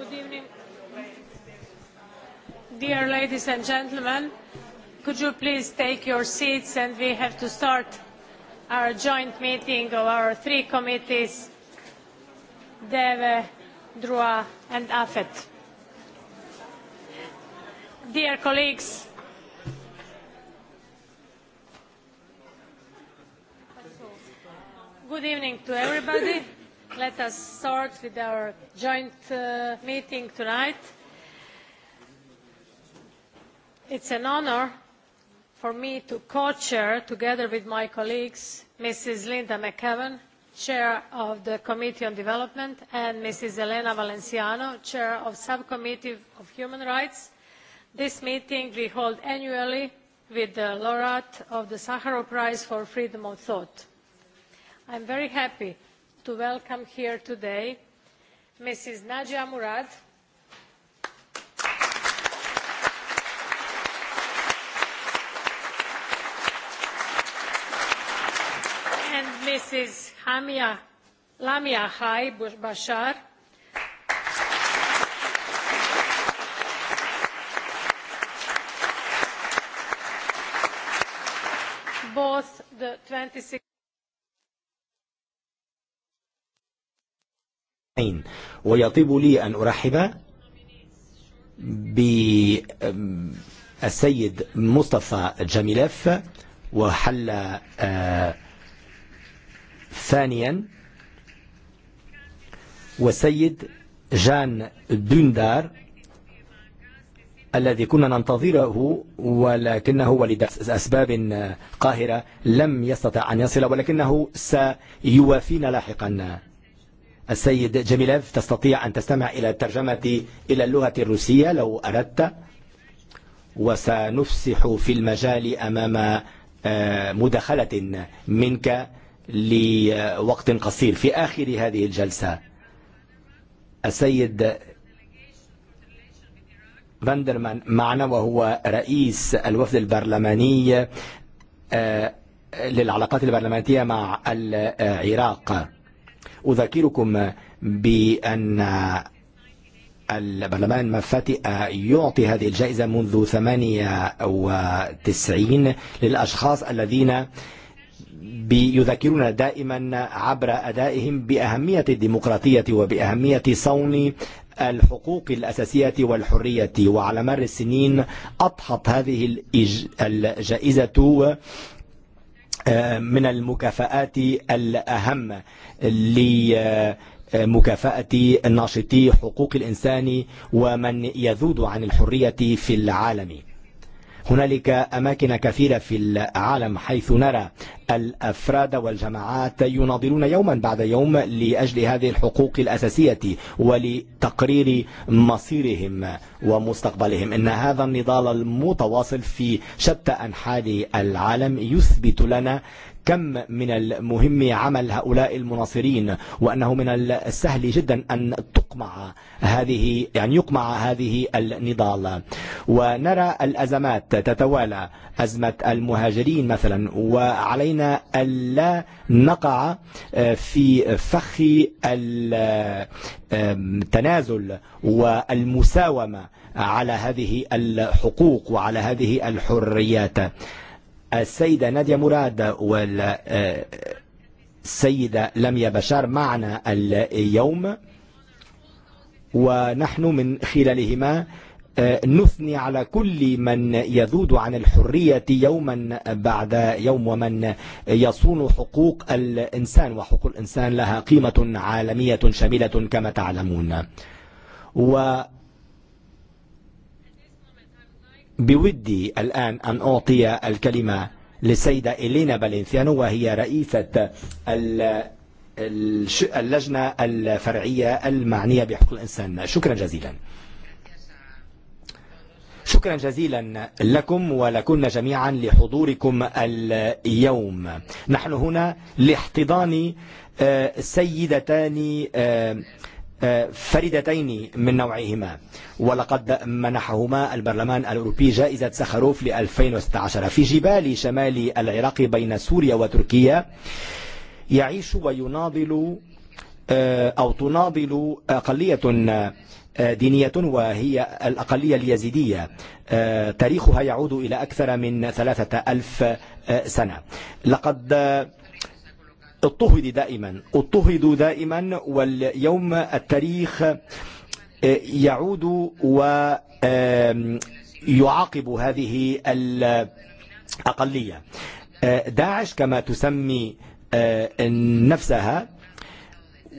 Good evening. Dear ladies and gentlemen, could you please take your seats and we have to start our joint meeting of our three committees, DEVE, DROA and AFET. Dear colleagues, good evening to everybody let us start with our joint uh, meeting tonight. It's an honor for me to co-chair, together with my colleagues, Mrs. Linda McEvan, Chair of the Committee on Development, and Mrs. Elena Valenciano, Chair of Subcommittee of Human Rights. This meeting we hold annually with the laureate of the Sakharov Prize for Freedom of Thought. I am very happy to welcome here today Mrs. Nadia Murad, and Mrs. Hamia, Lamia Hai Bashar, both the 26 الحين ويطيب لي أن أرحب بالسيد مصطفى جميلف وحل ثانيا والسيد جان دوندار الذي كنا ننتظره ولكنه أسباب قاهرة لم يستطع أن يصل ولكنه سيوافينا لاحقا السيد جميلف تستطيع أن تستمع إلى الترجمة إلى اللغة الروسية لو أردت وسنفسح في المجال أمام مدخلة منك لوقت قصير في آخر هذه الجلسة السيد فاندرمان معنا وهو رئيس الوفد البرلماني للعلاقات البرلمانية مع العراق أذكركم بأن البرلمان مفاتئ يعطي هذه الجائزة منذ 98 للأشخاص الذين يذكرون دائما عبر أدائهم بأهمية الديمقراطية وبأهمية صون الحقوق الأساسية والحرية وعلى مر السنين أضحت هذه الجائزة من المكافآت الأهم لمكافأة ناشطي حقوق الإنسان ومن يذود عن الحرية في العالم هنالك أماكن كثيرة في العالم حيث نرى الأفراد والجماعات يناضلون يوما بعد يوم لأجل هذه الحقوق الأساسية ولتقرير مصيرهم ومستقبلهم إن هذا النضال المتواصل في شتى أنحاء العالم يثبت لنا كم من المهم عمل هؤلاء المناصرين وأنه من السهل جدا أن تقمع هذه يعني يقمع هذه النضال ونرى الأزمات تتوالى أزمة المهاجرين مثلا وعلينا ألا نقع في فخ التنازل والمساومة على هذه الحقوق وعلى هذه الحريات السيدة نادية مراد والسيدة لميا بشار معنا اليوم ونحن من خلالهما نثني على كل من يذود عن الحرية يوما بعد يوم ومن يصون حقوق الإنسان وحقوق الإنسان لها قيمة عالمية شاملة كما تعلمون و بودي الآن أن أعطي الكلمة للسيدة إلينا بالنسيانو وهي رئيسة اللجنة الفرعية المعنية بحقوق الإنسان شكرا جزيلا شكرا جزيلا لكم ولكن جميعا لحضوركم اليوم نحن هنا لاحتضان سيدتان فردتين من نوعهما ولقد منحهما البرلمان الأوروبي جائزة سخروف ل 2016 في جبال شمال العراق بين سوريا وتركيا يعيش ويناضل أو تناضل أقلية دينية وهي الأقلية اليزيدية تاريخها يعود إلى أكثر من ثلاثة ألف سنة لقد اضطهد دائما اضطهد دائما واليوم التاريخ يعود ويعاقب هذه الأقلية داعش كما تسمي نفسها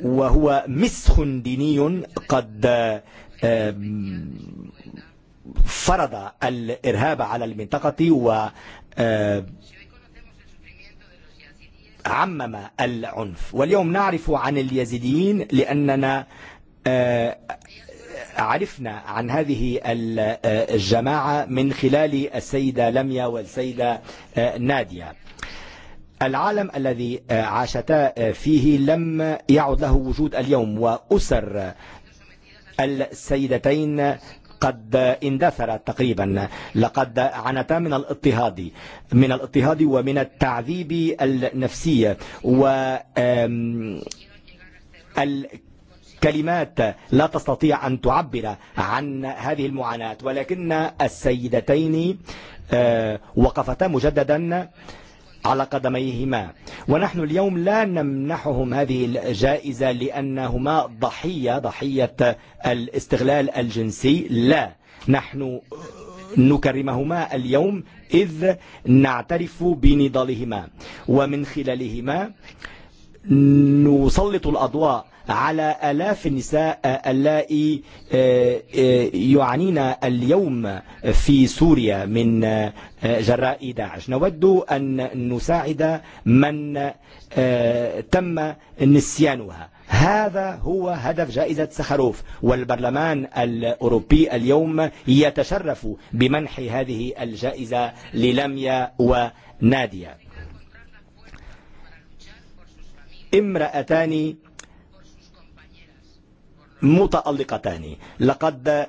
وهو مسخ ديني قد فرض الإرهاب على المنطقة و عمم العنف واليوم نعرف عن اليزيديين لأننا عرفنا عن هذه الجماعة من خلال السيدة لميا والسيدة نادية العالم الذي عاشتا فيه لم يعد له وجود اليوم وأسر السيدتين قد اندثرت تقريبا لقد عانتا من الاضطهاد من الاضطهاد ومن التعذيب النفسي و كلمات لا تستطيع أن تعبر عن هذه المعاناة ولكن السيدتين وقفتا مجددا على قدميهما ونحن اليوم لا نمنحهم هذه الجائزة لأنهما ضحية ضحية الاستغلال الجنسي لا نحن نكرمهما اليوم إذ نعترف بنضالهما ومن خلالهما نسلط الأضواء على ألاف النساء اللائي يعانين اليوم في سوريا من جراء داعش نود أن نساعد من تم نسيانها هذا هو هدف جائزة سخروف والبرلمان الأوروبي اليوم يتشرف بمنح هذه الجائزة للميا ونادية امرأتان متألقتان لقد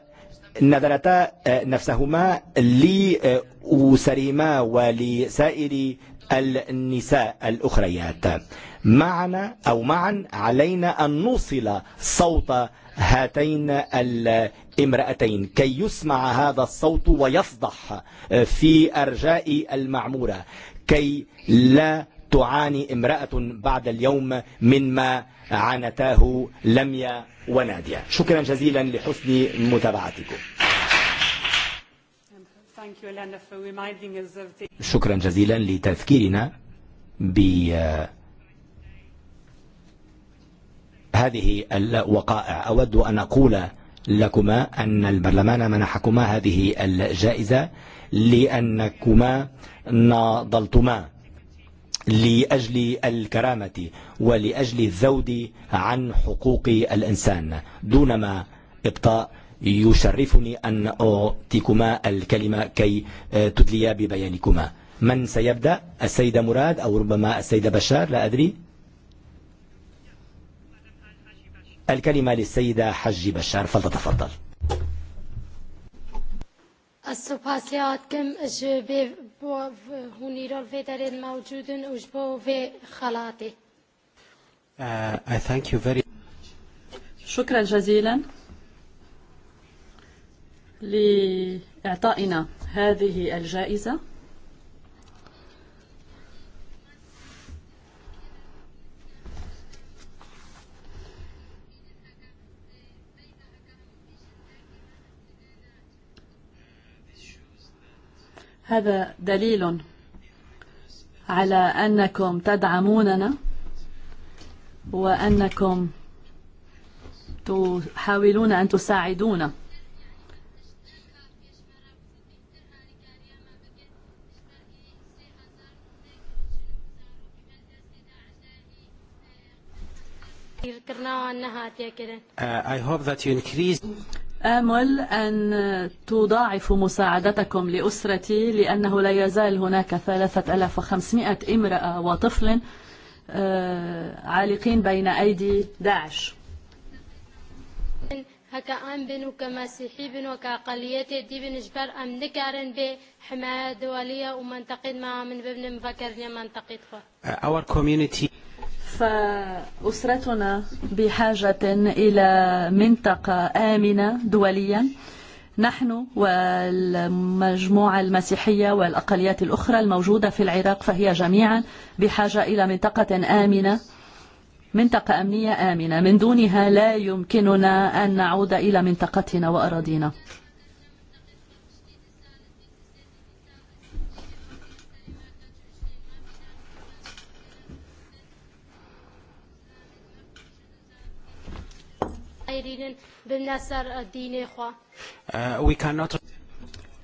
نذرتا نفسهما لأسرهما ولسائر النساء الأخريات معنا أو معا علينا أن نوصل صوت هاتين الامرأتين كي يسمع هذا الصوت ويفضح في أرجاء المعمورة كي لا تعاني امرأة بعد اليوم مما عانتاه لميا ونادية شكرا جزيلا لحسن متابعتكم شكرا جزيلا لتذكيرنا ب هذه الوقائع أود أن أقول لكما أن البرلمان منحكما هذه الجائزة لأنكما ناضلتما لأجل الكرامة ولأجل الذود عن حقوق الإنسان دونما إبطاء يشرفني أن أعطيكما الكلمة كي تدليا ببيانكما من سيبدأ السيدة مراد أو ربما السيدة بشار لا أدري الكلمة للسيدة حج بشار فلتتفضل السوباسيات كم i thank you very شكرا جزيلا لإعطائنا هذه الجائزة هذا دليل على أنكم تدعموننا وأنكم تحاولون أن تساعدونا I hope that you increase آمل أن تضاعف مساعدتكم لأسرتي لأنه لا يزال هناك 3500 امرأة وطفل عالقين بين أيدي داعش هكا ام بن وكمسيحي بن وكاقليات دي بنجبر ام نكارن بي حماية دولية ومنطقة ما من ببن مفكرني منطقة اور كوميونيتي فأسرتنا بحاجة إلى منطقة آمنة دوليا نحن والمجموعة المسيحية والأقليات الأخرى الموجودة في العراق فهي جميعا بحاجة إلى منطقة آمنة منطقة أمنية آمنة من دونها لا يمكننا أن نعود إلى منطقتنا وأراضينا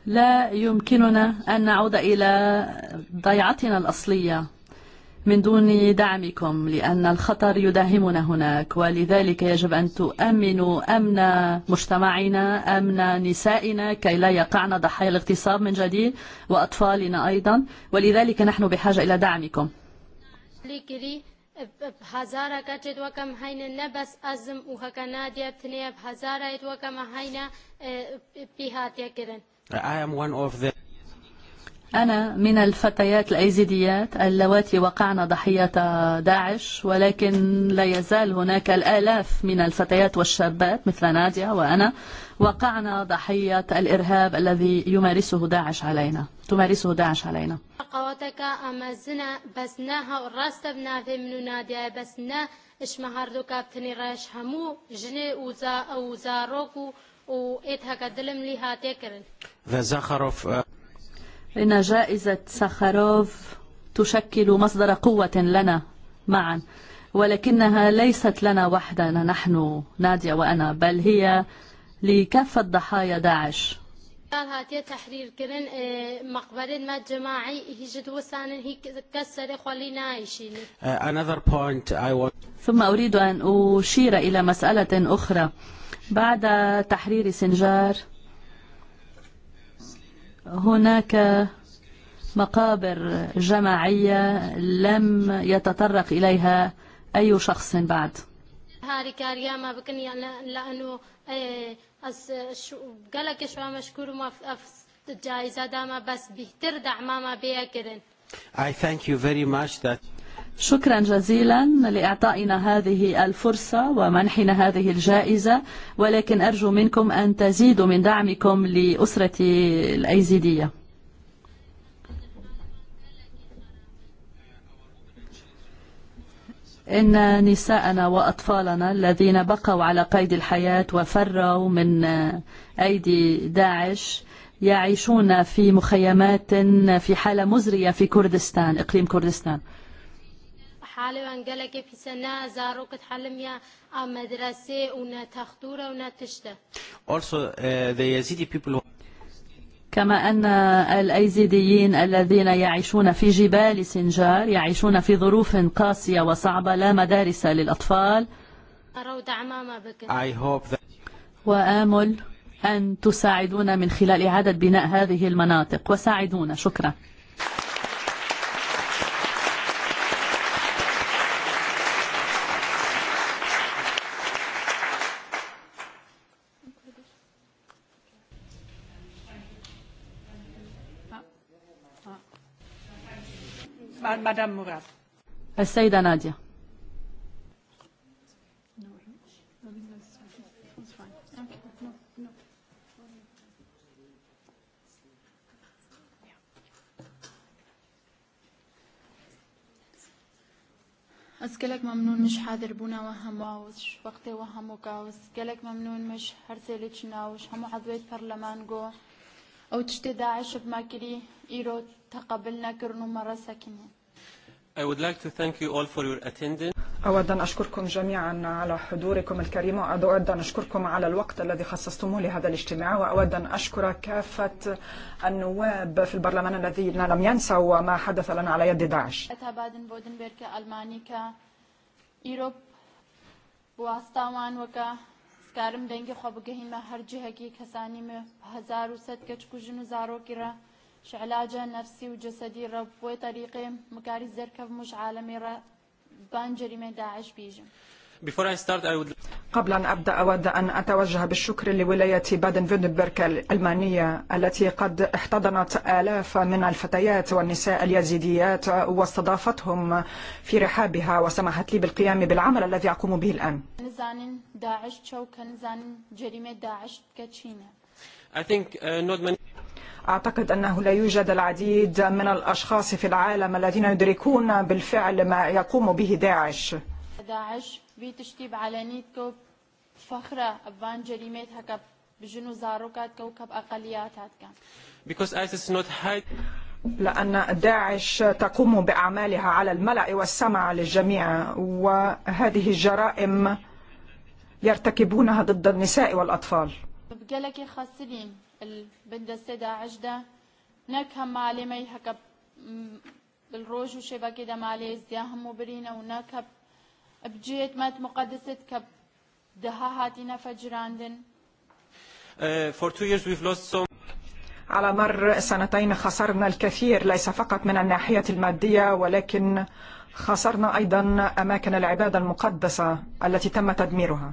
لا يمكننا أن نعود إلى ضيعتنا الأصلية من دون دعمكم لأن الخطر يداهمنا هناك ولذلك يجب أن تؤمنوا أمن مجتمعنا أمن نسائنا كي لا يقعنا ضحايا الاغتصاب من جديد وأطفالنا أيضا ولذلك نحن بحاجة إلى دعمكم هزارە کاتێت وەکەم هەینە نەبەس ئەزم و هەکە نادیە بتنێ هەزارایت وەکەمە هەینە پیهاتێکردن. I am one of the أنا من الفتيات الأيزيديات اللواتي وقعن ضحية داعش ولكن لا يزال هناك الآلاف من الفتيات والشابات مثل نادية وأنا وقعنا ضحية الإرهاب الذي يمارسه داعش علينا تمارسه داعش علينا قواتك أمزنا بسنا الرستبنا في مننادي بسنا إش مهاردوك كابتني راش همو جني وزاروكو وإتهاك دلم لها تكرن وزاخروف إن جائزة سخروف تشكل مصدر قوة لنا معا ولكنها ليست لنا وحدنا نحن نادية وأنا بل هي لكافة ضحايا داعش هاتية تحرير كرن مقبرين ما جماعي هجد وسان هي كسر خلينا Another point I want ثم أريد أن أشير إلى مسألة أخرى بعد تحرير سنجار هناك مقابر جماعية لم يتطرق إليها أي شخص بعد هاري كاريا ما يعني لأنه از گلک شما مشکور ما جایزه داما بس بهتر دعما ما بیا کرن I thank you very much that شكرا جزيلا لإعطائنا هذه الفرصة ومنحنا هذه الجائزة ولكن أرجو منكم أن تزيدوا من دعمكم لأسرة الأيزيدية إن نساءنا وأطفالنا الذين بقوا على قيد الحياة وفروا من أيدي داعش يعيشون في مخيمات في حالة مزرية في كردستان إقليم كردستان حاله انگله که في سنة زارو کت حلمیا مدرسه و نه تختوره و also uh, the Yazidi people كما أن الأيزيديين الذين يعيشون في جبال سنجار يعيشون في ظروف قاسية وصعبة لا مدارس للأطفال وآمل أن تساعدونا من خلال إعادة بناء هذه المناطق وساعدونا شكرا madam murad as-sayyida e, najah as-kalak mamnun mish hadir bouna wa maawaz waqti wa hamukaawaz go iro i would like to thank you all for your attendance. أود أن أشكركم جميعا على حضوركم الكريم وأود أن أشكركم على الوقت الذي خصصتموه لهذا الاجتماع وأود أن أشكر كافة النواب في البرلمان الذين لم ينسوا ما حدث لنا على يد داعش شعلاجة نفسي وجسدي رب وطريقي مكاري زركب مش عالمي را بانجري من داعش would... قبل أن أبدأ أود أن أتوجه بالشكر لولاية بادن فيدنبرغ الألمانية التي قد احتضنت آلاف من الفتيات والنساء اليزيديات واستضافتهم في رحابها وسمحت لي بالقيام بالعمل الذي أقوم به الآن I think, uh, not many... أعتقد أنه لا يوجد العديد من الأشخاص في العالم الذين يدركون بالفعل ما يقوم به داعش داعش على علانيتكو فخرة أبان جريمات هكا بجنو زاروكات كوكب أقليات هاتكا Because ISIS not hide لأن داعش تقوم بأعمالها على الملأ والسمع للجميع وهذه الجرائم يرتكبونها ضد النساء والأطفال. بقالك خاصين بندەستێدا عشدا نەک هەم مالێمەی هەکە بالروج و شێبەکێدا مالێزیا هەموو برینە و نەکە مات مەت مقدست کە دەها هاتینە For two years we've lost so على مر سنتين خسرنا الكثير ليس فقط من الناحية المادية ولكن خسرنا أيضا أماكن العبادة المقدسة التي تم تدميرها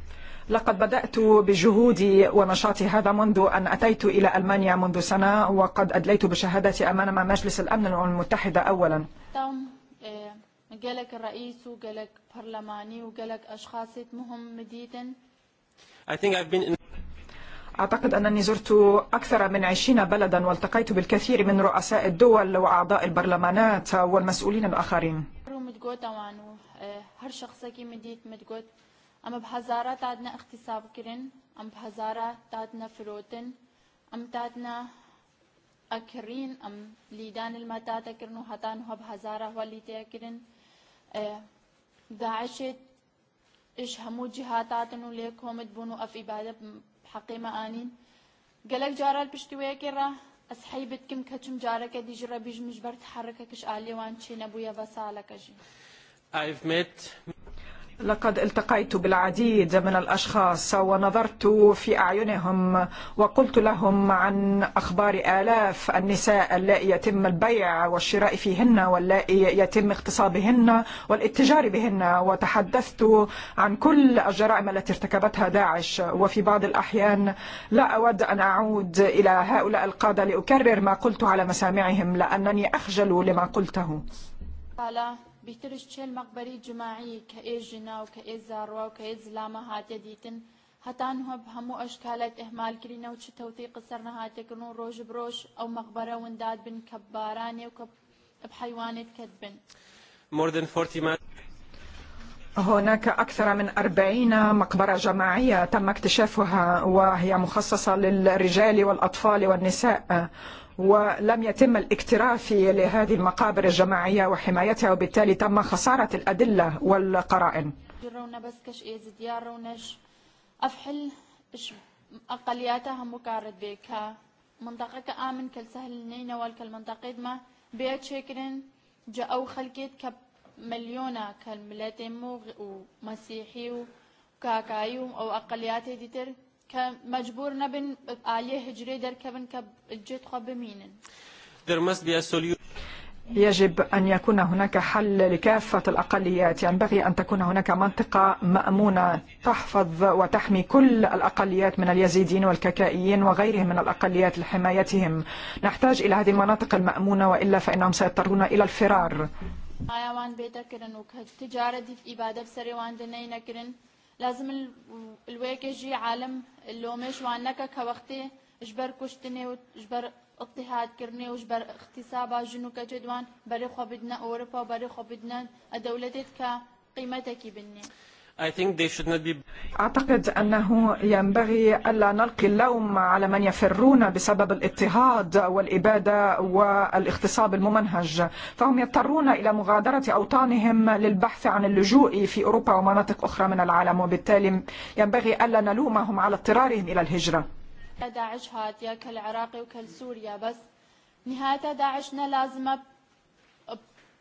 لقد بدأت بجهودي ونشاطي هذا منذ أن أتيت إلى ألمانيا منذ سنة وقد أدليت بشهادتي أمام مجلس الأمن الأمم المتحدة أولا قالك رئيس وقالك برلماني وقالك أشخاص مهم مديدا أعتقد أنني زرت أكثر من عشرين بلدا والتقيت بالكثير من رؤساء الدول وأعضاء البرلمانات والمسؤولين الآخرين هر مديت Am Abhazara Tadna Akhtisabkirin, Am Abhazara Tadna Firotin, Am Tadna Akirin, Am Lidan Al Matata Kirnu Hatan Hu Abhazara Hu Alite Akirin, eh, Daeshit Ish Hamu Jihatatanu Lekhomit Bunu Af Ibadah Hakima Anin, Galak Jaral Pishtuwekira, Ashay Bitkim Kachum Jaraka Dijra Bijmijbar Tharaka Kish Aliwan Chinabuya Vasala Kaji. I've met لقد التقيت بالعديد من الأشخاص ونظرت في أعينهم وقلت لهم عن أخبار آلاف النساء اللائي يتم البيع والشراء فيهن واللائي يتم اغتصابهن والاتجار بهن وتحدثت عن كل الجرائم التي ارتكبتها داعش وفي بعض الأحيان لا أود أن أعود إلى هؤلاء القادة لأكرر ما قلت على مسامعهم لأنني أخجل لما قلته. بيترش چل مقبری جماعي که ایز جنا و که ایز زاروا و که ایز لاما هاتی دیتن هەتان هەب هەموو ئەشکالات و چ ونداد بن كباراني وكب و كدبن بحیوانێت کەت بن هناك أكثر من أربعين مقبرة جماعية تم اكتشافها وهي مخصصة للرجال والأطفال والنساء ولم يتم الاكتراف لهذه المقابر الجماعية وحمايتها وبالتالي تم خسارة الأدلة والقرائن أقلياتها مكارد بيكها منطقة آمن كل سهل نينا والكل منطقة ما بيت شكرن جاءوا خلقيت كب مليونة كالملاتي مو ومسيحي وكاكايو أو أقلياتي ديتر مجبور نبن عليه هجري دركبن كالجيت خو بمينن There must be a solution. يجب أن يكون هناك حل لكافة الأقليات ينبغي أن تكون هناك منطقة مأمونة تحفظ وتحمي كل الأقليات من اليزيديين والككائيين وغيرهم من الأقليات لحمايتهم نحتاج إلى هذه المناطق المأمونة وإلا فإنهم سيضطرون إلى الفرار لازم الويك يجي عالم اللومش وانك كوقتي اجبر كشتني واجبر اضطهاد كرني واجبر اختسابا جنو كجدوان بري خو بدنا اوروبا بري خو بدنا دولتك قيمتك بني أعتقد أنه ينبغي ألا نلقي اللوم على من يفرون بسبب الاضطهاد والإبادة والاغتصاب الممنهج فهم يضطرون إلى مغادرة أوطانهم للبحث عن اللجوء في أوروبا ومناطق أخرى من العالم وبالتالي ينبغي ألا نلومهم على اضطرارهم إلى الهجرة داعش هاتيا كالعراقي وكالسوريا بس نهاية داعش لازمة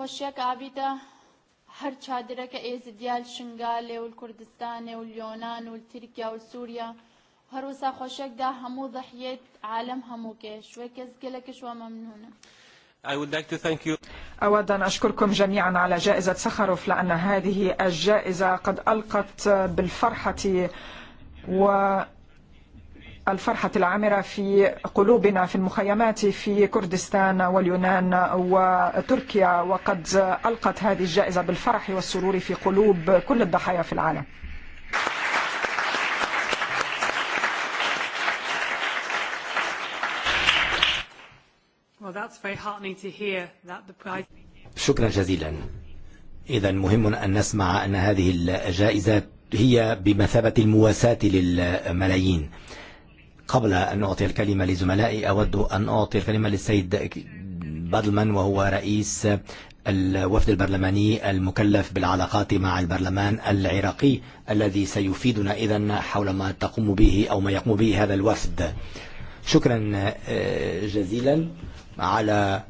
خۆشیەک هر هەر چادرەکە ئێزی دیال شنگال و کردستان و لیۆناان و ترکیا و سووریا خوشک دا همو ضحیت عالم هەموو کێش کس کەس گەلەکەش وە ممنونه. I would like to thank you. أود أن أشكركم جميعا على جائزة سخروف لأن هذه الجائزة قد ألقت بالفرحة و الفرحة العامرة في قلوبنا في المخيمات في كردستان واليونان وتركيا وقد ألقت هذه الجائزة بالفرح والسرور في قلوب كل الضحايا في العالم شكرا جزيلا إذا مهم أن نسمع أن هذه الجائزة هي بمثابة المواساة للملايين قبل أن أعطي الكلمة لزملائي أود أن أعطي الكلمة للسيد بدلمان وهو رئيس الوفد البرلماني المكلف بالعلاقات مع البرلمان العراقي الذي سيفيدنا إذا حول ما تقوم به أو ما يقوم به هذا الوفد شكرا جزيلا على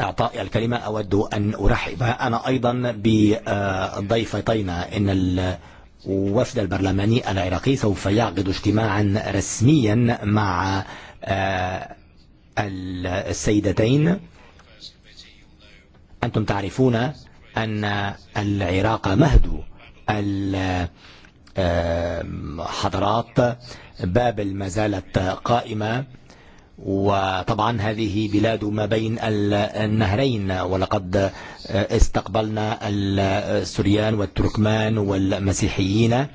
إعطاء الكلمة أود أن أرحب أنا أيضا بضيفتينا إن وفد البرلماني العراقي سوف يعقد اجتماعا رسميا مع السيدتين أنتم تعرفون أن العراق مهد الحضرات بابل ما زالت قائمة وطبعا هذه بلاد ما بين النهرين ولقد استقبلنا السريان والتركمان والمسيحيين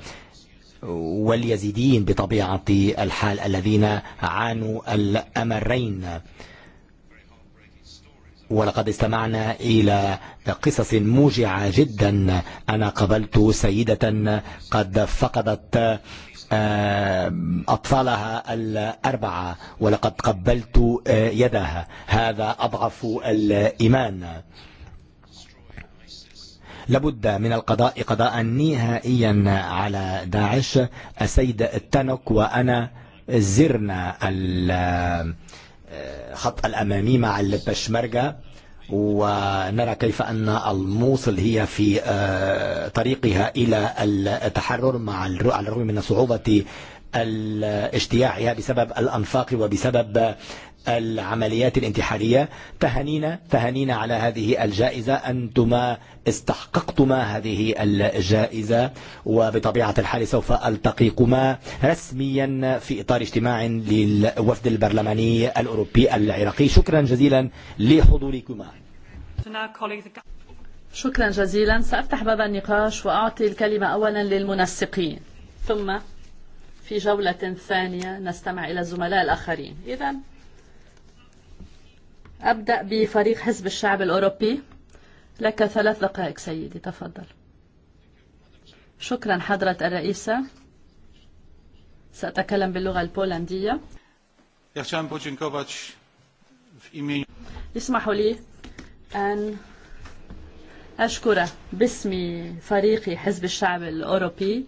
واليزيديين بطبيعة الحال الذين عانوا الأمرين ولقد استمعنا إلى قصص موجعة جدا أنا قبلت سيدة قد فقدت أطفالها الأربعة ولقد قبلت يدها هذا أضعف الإيمان لابد من القضاء قضاء نهائيا على داعش السيد التنك وأنا زرنا الخط الأمامي مع البشمرجة ونرى كيف أن الموصل هي في طريقها إلى التحرر مع على الرغم من صعوبة اجتياحها بسبب الأنفاق وبسبب العمليات الانتحارية تهانينا تهانينا على هذه الجائزة أنتما استحققتما هذه الجائزة وبطبيعة الحال سوف ألتقيكما رسميا في إطار اجتماع للوفد البرلماني الأوروبي العراقي شكرا جزيلا لحضوركما شكرا جزيلا سأفتح باب النقاش وأعطي الكلمة أولا للمنسقين ثم في جولة ثانية نستمع إلى الزملاء الآخرين إذا ابدا bi Farih الشعب الاوروبي لك ثلاث دقائق سيدي تفضل شكرا حضرتك الرئيسه ساتكلم باللغه البولنديه Я chciałem an bismi fariqi حزب Oropi الاوروبي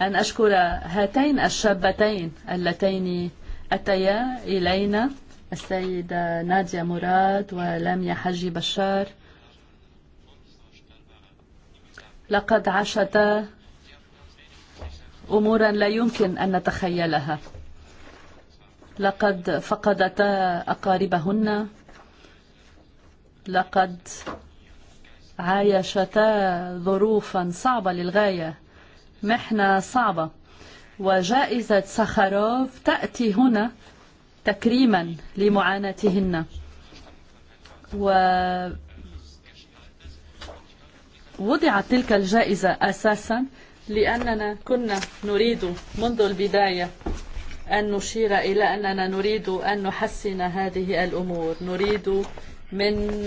ashkura hatayn ash-shabtain allatayn السيدة نادية مراد ولميا حجي بشار لقد عشتا أمورا لا يمكن أن نتخيلها لقد فقدتا أقاربهن لقد عايشتا ظروفا صعبة للغاية محنة صعبة وجائزة سخاروف تأتي هنا تكريما لمعاناتهن ووضعت تلك الجائزة أساسا لأننا كنا نريد منذ البداية أن نشير إلى أننا نريد أن نحسن هذه الأمور نريد من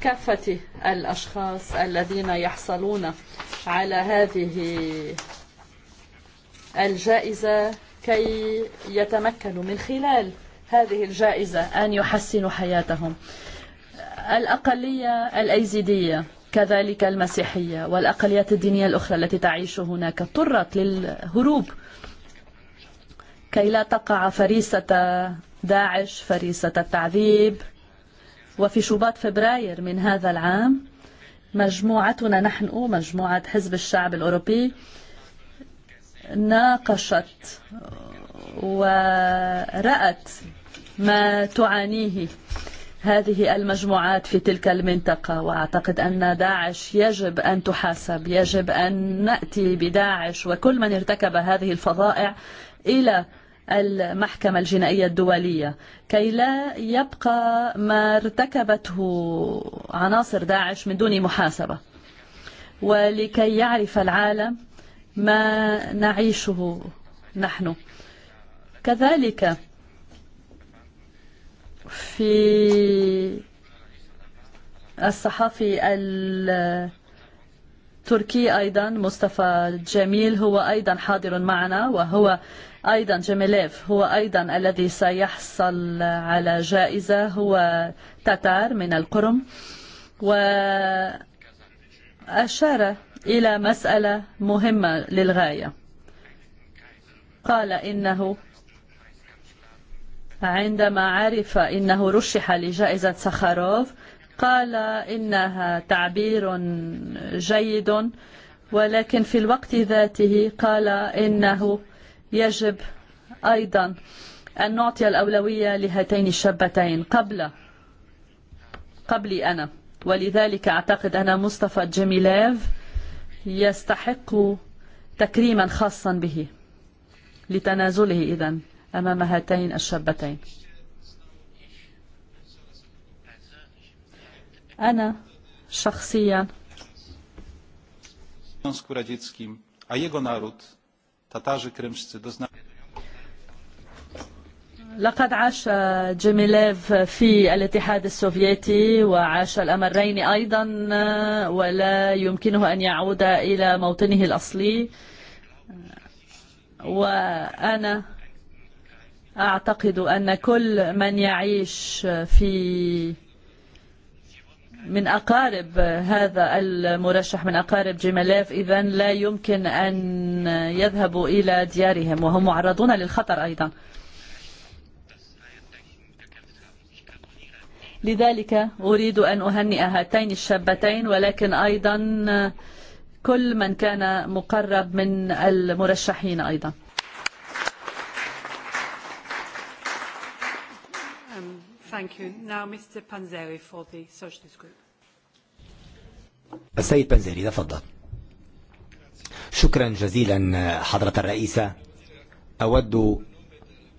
كافة الأشخاص الذين يحصلون على هذه الجائزة كي يتمكنوا من خلال هذه الجائزة أن يحسنوا حياتهم الأقلية الأيزيدية كذلك المسيحية والأقليات الدينية الأخرى التي تعيش هناك اضطرت للهروب كي لا تقع فريسة داعش فريسة التعذيب وفي شباط فبراير من هذا العام مجموعتنا نحن مجموعة حزب الشعب الأوروبي ناقشت ورأت ما تعانيه هذه المجموعات في تلك المنطقة وأعتقد أن داعش يجب أن تحاسب يجب أن نأتي بداعش وكل من ارتكب هذه الفظائع إلى المحكمة الجنائية الدولية كي لا يبقى ما ارتكبته عناصر داعش من دون محاسبة ولكي يعرف العالم ما نعيشه نحن كذلك في الصحفي التركي أيضا مصطفى جميل هو أيضا حاضر معنا وهو أيضا جميليف هو أيضا الذي سيحصل على جائزة هو تتار من القرم وأشار إلى مسألة مهمة للغاية قال إنه عندما عرف انه رشح لجائزه سخاروف قال انها تعبير جيد ولكن في الوقت ذاته قال انه يجب ايضا ان نعطي الاولويه لهاتين الشابتين قبل قبلي انا ولذلك اعتقد ان مصطفى جميليف يستحق تكريما خاصا به لتنازله اذا أمام هاتين الشابتين أنا شخصيا لقد عاش جيميليف في الاتحاد السوفيتي وعاش الأمرين أيضا ولا يمكنه أن يعود إلى موطنه الأصلي وأنا أعتقد أن كل من يعيش في من أقارب هذا المرشح من أقارب جمالاف إذا لا يمكن أن يذهبوا إلى ديارهم وهم معرضون للخطر أيضا لذلك أريد أن أهنئ هاتين الشابتين ولكن أيضا كل من كان مقرب من المرشحين أيضا Thank you. Now Mr. Panzeri for the Socialist Group. السيد بنزيري تفضل شكرا جزيلا حضرة الرئيسة أود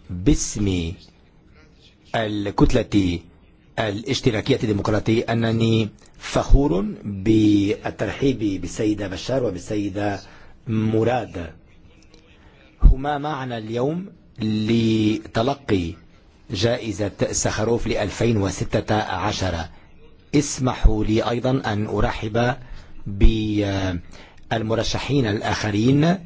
باسم الكتلة الاشتراكية الديمقراطية أنني فخور بالترحيب بالسيدة بشار وبالسيدة مراد هما معنا اليوم لتلقي جائزة سخروف ل 2016 اسمحوا لي أيضا أن أرحب بالمرشحين الآخرين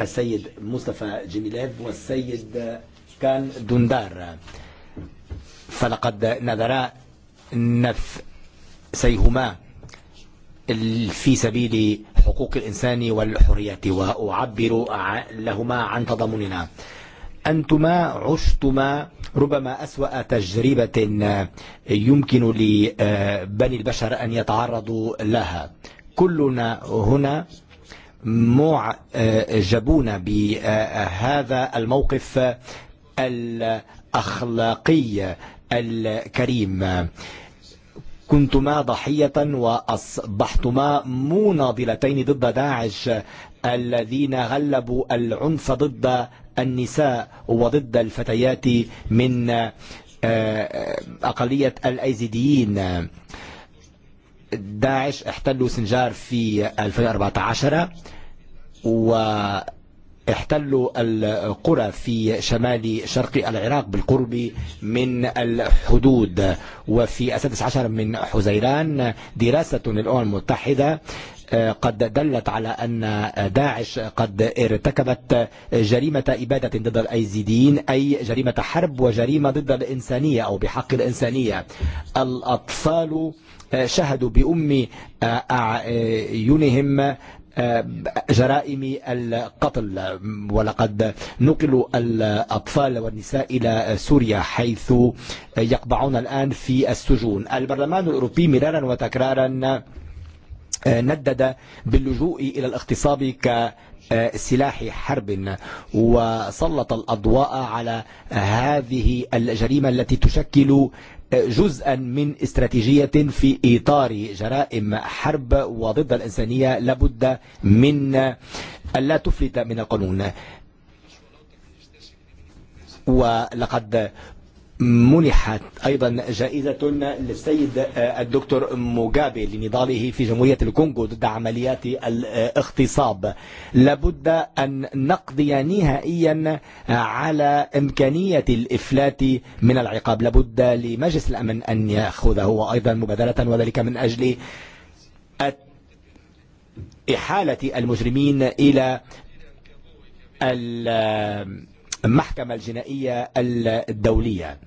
السيد مصطفى جميلاب والسيد كان دندار فلقد نذرا نفسيهما في سبيل حقوق الإنسان والحريات وأعبر لهما عن تضامننا أنتما عشتما ربما أسوأ تجربة يمكن لبني البشر أن يتعرضوا لها كلنا هنا معجبون بهذا الموقف الأخلاقي الكريم كنتما ضحية وأصبحتما مناضلتين ضد داعش الذين غلبوا العنف ضد النساء وضد الفتيات من أقلية الأيزيديين داعش احتلوا سنجار في 2014 واحتلوا القرى في شمال شرق العراق بالقرب من الحدود وفي السادس عشر من حزيران دراسة للأمم المتحدة قد دلت على أن داعش قد ارتكبت جريمة إبادة ضد الأيزيديين أي جريمة حرب وجريمة ضد الإنسانية أو بحق الإنسانية الأطفال شهدوا بأم أعينهم جرائم القتل ولقد نقلوا الأطفال والنساء إلى سوريا حيث يقبعون الآن في السجون البرلمان الأوروبي مرارا وتكرارا ندد باللجوء إلى الاغتصاب كسلاح حرب وسلط الأضواء على هذه الجريمة التي تشكل جزءا من استراتيجية في إطار جرائم حرب وضد الإنسانية لابد من ألا تفلت من القانون ولقد منحت أيضا جائزة للسيد الدكتور موجابي لنضاله في جمهورية الكونغو ضد عمليات الاغتصاب لابد أن نقضي نهائيا على إمكانية الإفلات من العقاب لابد لمجلس الأمن أن يأخذ هو أيضا مبادرة وذلك من أجل إحالة المجرمين إلى المحكمة الجنائية الدولية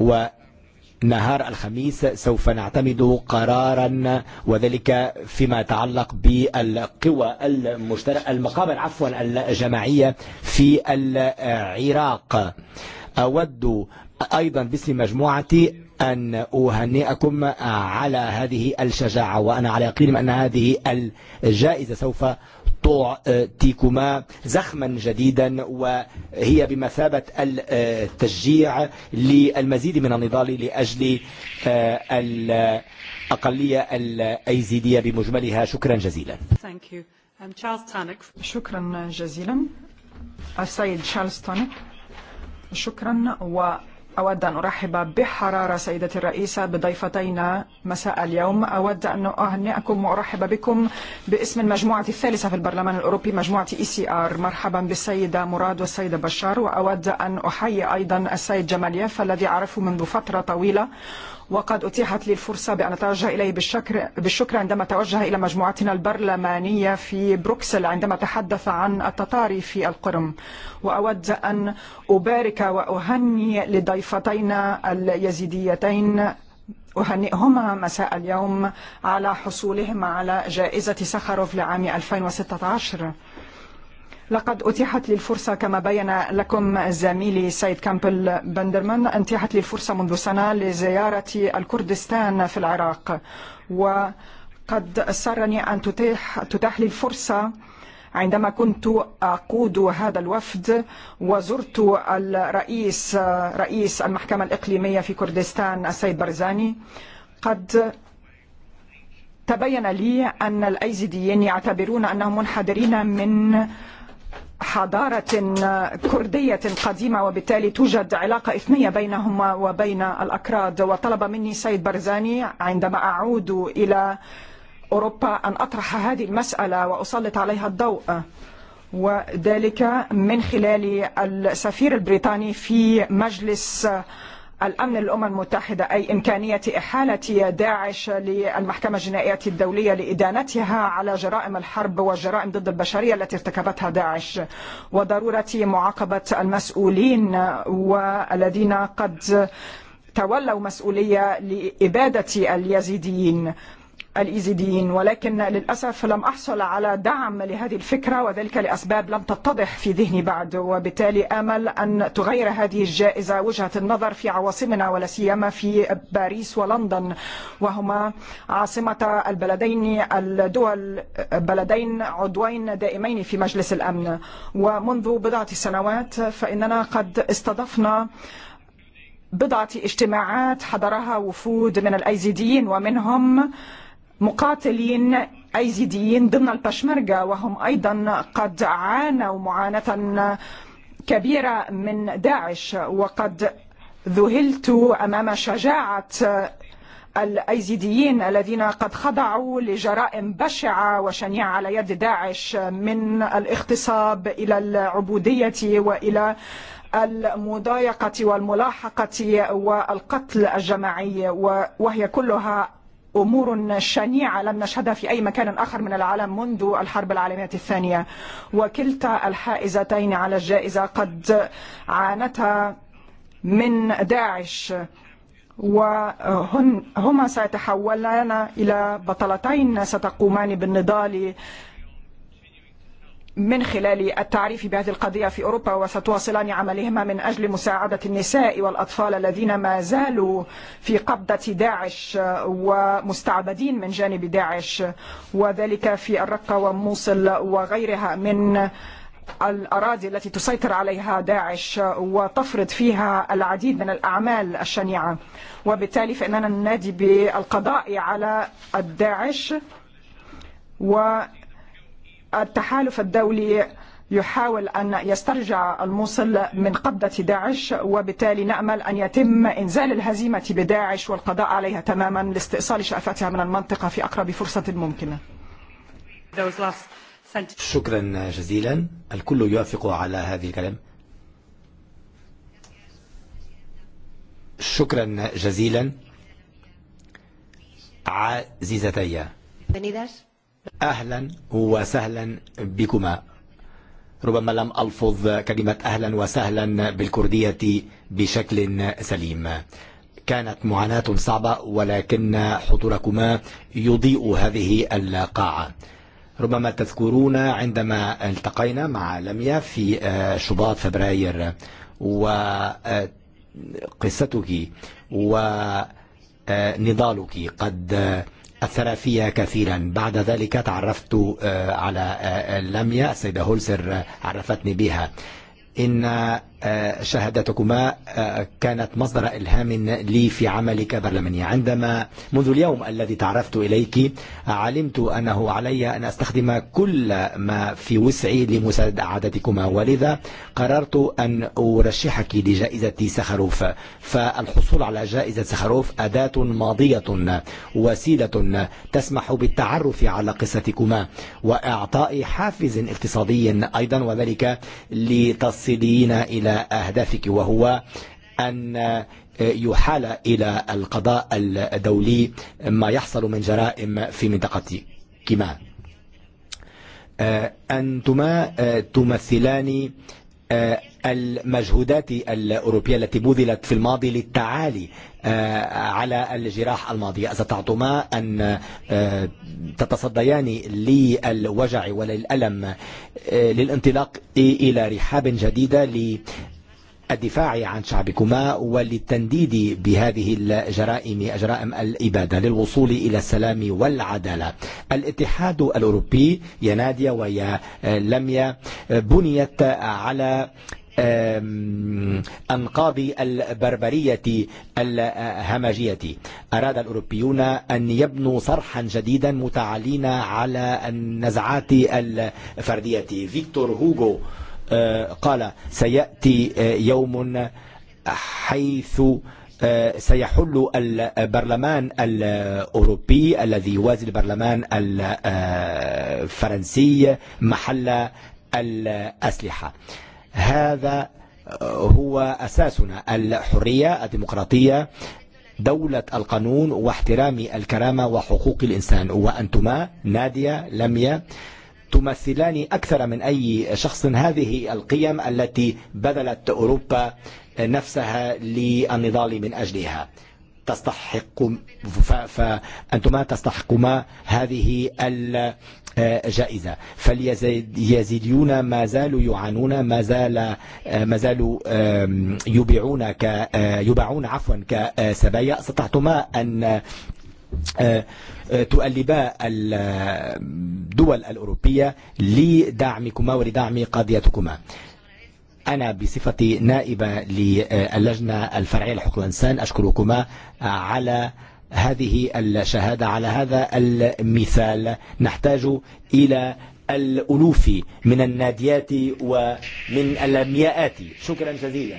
ونهار الخميس سوف نعتمد قرارا وذلك فيما يتعلق بالقوى المشتركة المقابل عفوا الجماعية في العراق أود أيضا باسم مجموعتي أن أهنئكم على هذه الشجاعة وأنا على يقين أن هذه الجائزة سوف تعطيكما زخما جديدا وهي بمثابة التشجيع للمزيد من النضال لأجل الأقلية الأيزيدية بمجملها شكرا جزيلا شكرا جزيلا السيد شارلز تونيك شكرا و أود أن أرحب بحرارة سيدة الرئيسة بضيفتينا مساء اليوم أود أن أهنئكم وأرحب بكم باسم المجموعة الثالثة في البرلمان الأوروبي مجموعة إي سي آر مرحبا بالسيدة مراد والسيدة بشار وأود أن أحيي أيضا السيد جماليف الذي أعرفه منذ فترة طويلة وقد أتيحت لي الفرصة بأن أتوجه إليه بالشكر, بالشكر عندما توجه إلى مجموعتنا البرلمانية في بروكسل عندما تحدث عن التطاري في القرم وأود أن أبارك وأهني لضيفتينا اليزيديتين أهنئهما مساء اليوم على حصولهما على جائزة سخروف لعام 2016 لقد أتيحت لي الفرصة كما بين لكم زميلي سيد كامبل بندرمان أتيحت لي الفرصة منذ سنة لزيارة الكردستان في العراق وقد سرني أن تتيح, تتاح لي الفرصة عندما كنت أقود هذا الوفد وزرت الرئيس رئيس المحكمة الإقليمية في كردستان السيد برزاني قد تبين لي أن الأيزيديين يعتبرون أنهم منحدرين من حضارة كردية قديمة وبالتالي توجد علاقة إثنية بينهما وبين الأكراد وطلب مني سيد برزاني عندما أعود إلى أوروبا أن أطرح هذه المسألة وأسلط عليها الضوء وذلك من خلال السفير البريطاني في مجلس الأمن الأمم المتحدة أي إمكانية إحالة داعش للمحكمة الجنائية الدولية لإدانتها على جرائم الحرب وجرائم ضد البشرية التي ارتكبتها داعش وضرورة معاقبة المسؤولين والذين قد تولوا مسؤولية لإبادة اليزيديين الإيزيديين ولكن للأسف لم أحصل على دعم لهذه الفكرة وذلك لأسباب لم تتضح في ذهني بعد وبالتالي آمل أن تغير هذه الجائزة وجهة النظر في عواصمنا ولا سيما في باريس ولندن وهما عاصمة البلدين الدول بلدين عضوين دائمين في مجلس الأمن ومنذ بضعة سنوات فإننا قد استضفنا بضعة اجتماعات حضرها وفود من الأيزيديين ومنهم مقاتلين أيزيديين ضمن البشمركة وهم أيضا قد عانوا معاناة كبيرة من داعش وقد ذهلت أمام شجاعة الأيزيديين الذين قد خضعوا لجرائم بشعة وشنيعة على يد داعش من الاغتصاب إلى العبودية وإلى المضايقة والملاحقة والقتل الجماعي وهي كلها أمور شنيعة لم نشهدها في أي مكان آخر من العالم منذ الحرب العالمية الثانية وكلتا الحائزتين على الجائزة قد عانتا من داعش وهما سيتحولان إلى بطلتين ستقومان بالنضال من خلال التعريف بهذه القضية في أوروبا وستواصلان عملهما من أجل مساعدة النساء والأطفال الذين ما زالوا في قبضة داعش ومستعبدين من جانب داعش وذلك في الرقة وموصل وغيرها من الأراضي التي تسيطر عليها داعش وتفرض فيها العديد من الأعمال الشنيعة وبالتالي فإننا ننادي بالقضاء على الداعش و التحالف الدولي يحاول أن يسترجع الموصل من قبضة داعش وبالتالي نأمل أن يتم إنزال الهزيمة بداعش والقضاء عليها تماما لاستئصال شأفتها من المنطقة في أقرب فرصة ممكنة شكرا جزيلا الكل يوافق على هذه الكلام شكرا جزيلا عزيزتي أهلا وسهلا بكما ربما لم ألفظ كلمة أهلا وسهلا بالكردية بشكل سليم كانت معاناة صعبة ولكن حضوركما يضيء هذه القاعة ربما تذكرون عندما التقينا مع لميا في شباط فبراير وقصتك ونضالك قد أثر في كثيرا بعد ذلك تعرفت على لميا السيدة هولسر عرفتني بها إن شهادتكما كانت مصدر إلهام لي في عملي كبرلماني عندما منذ اليوم الذي تعرفت إليك علمت أنه علي أن أستخدم كل ما في وسعي لمساعدتكما ولذا قررت أن أرشحك لجائزة سخروف فالحصول على جائزة سخروف أداة ماضية وسيلة تسمح بالتعرف على قصتكما وإعطاء حافز اقتصادي أيضا وذلك لتص الموصلين إلى أهدافك وهو أن يحال إلى القضاء الدولي ما يحصل من جرائم في منطقتك كما أنتما تمثلان المجهودات الأوروبية التي بذلت في الماضي للتعالي على الجراح الماضية تعطما أن تتصديان للوجع وللألم للانطلاق إلى رحاب جديدة للدفاع عن شعبكما وللتنديد بهذه الجرائم جرائم الإبادة للوصول إلى السلام والعدالة الاتحاد الأوروبي يا نادية ويا لميا بنيت على أنقاض البربرية الهمجية أراد الأوروبيون أن يبنوا صرحا جديدا متعالين على النزعات الفردية فيكتور هوغو قال سيأتي يوم حيث سيحل البرلمان الأوروبي الذي يوازي البرلمان الفرنسي محل الأسلحة هذا هو أساسنا الحرية الديمقراطية دولة القانون واحترام الكرامة وحقوق الإنسان وأنتما نادية لميا تمثلان أكثر من أي شخص هذه القيم التي بذلت أوروبا نفسها للنضال من أجلها تستحق فأنتما تستحقما هذه جائزة فاليزيديون ما زالوا يعانون ما زال ما زالوا يبيعون ك يباعون عفوا كسبايا استطعتما أن تؤلبا الدول الأوروبية لدعمكما ولدعم قضيتكما أنا بصفتي نائبة للجنة الفرعية لحقوق الإنسان أشكركما على هذه الشهادة على هذا المثال نحتاج إلى الألوف من الناديات ومن الأمياءات شكرا جزيلا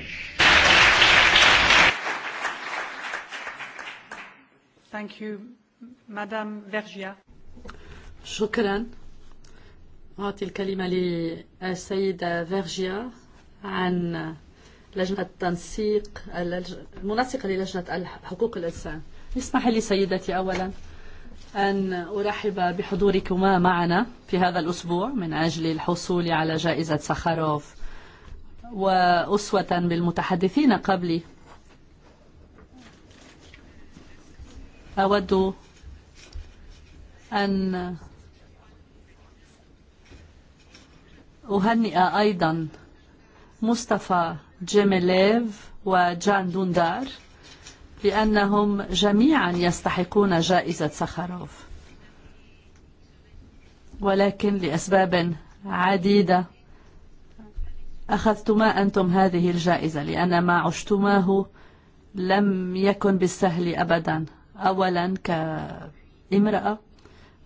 Thank you, Madame Vergia. شكرا أعطي الكلمة للسيدة فيرجيا عن لجنة التنسيق المنسقة للجنة حقوق الإنسان اسمح لي سيدتي أولا أن أرحب بحضوركما معنا في هذا الأسبوع من أجل الحصول على جائزة سخاروف وأسوة بالمتحدثين قبلي أود أن أهنئ أيضا مصطفى جيميليف وجان دوندار بأنهم جميعا يستحقون جائزة سخروف ولكن لأسباب عديدة أخذتما أنتم هذه الجائزة لأن ما عشتماه لم يكن بالسهل أبدا أولا كامرأة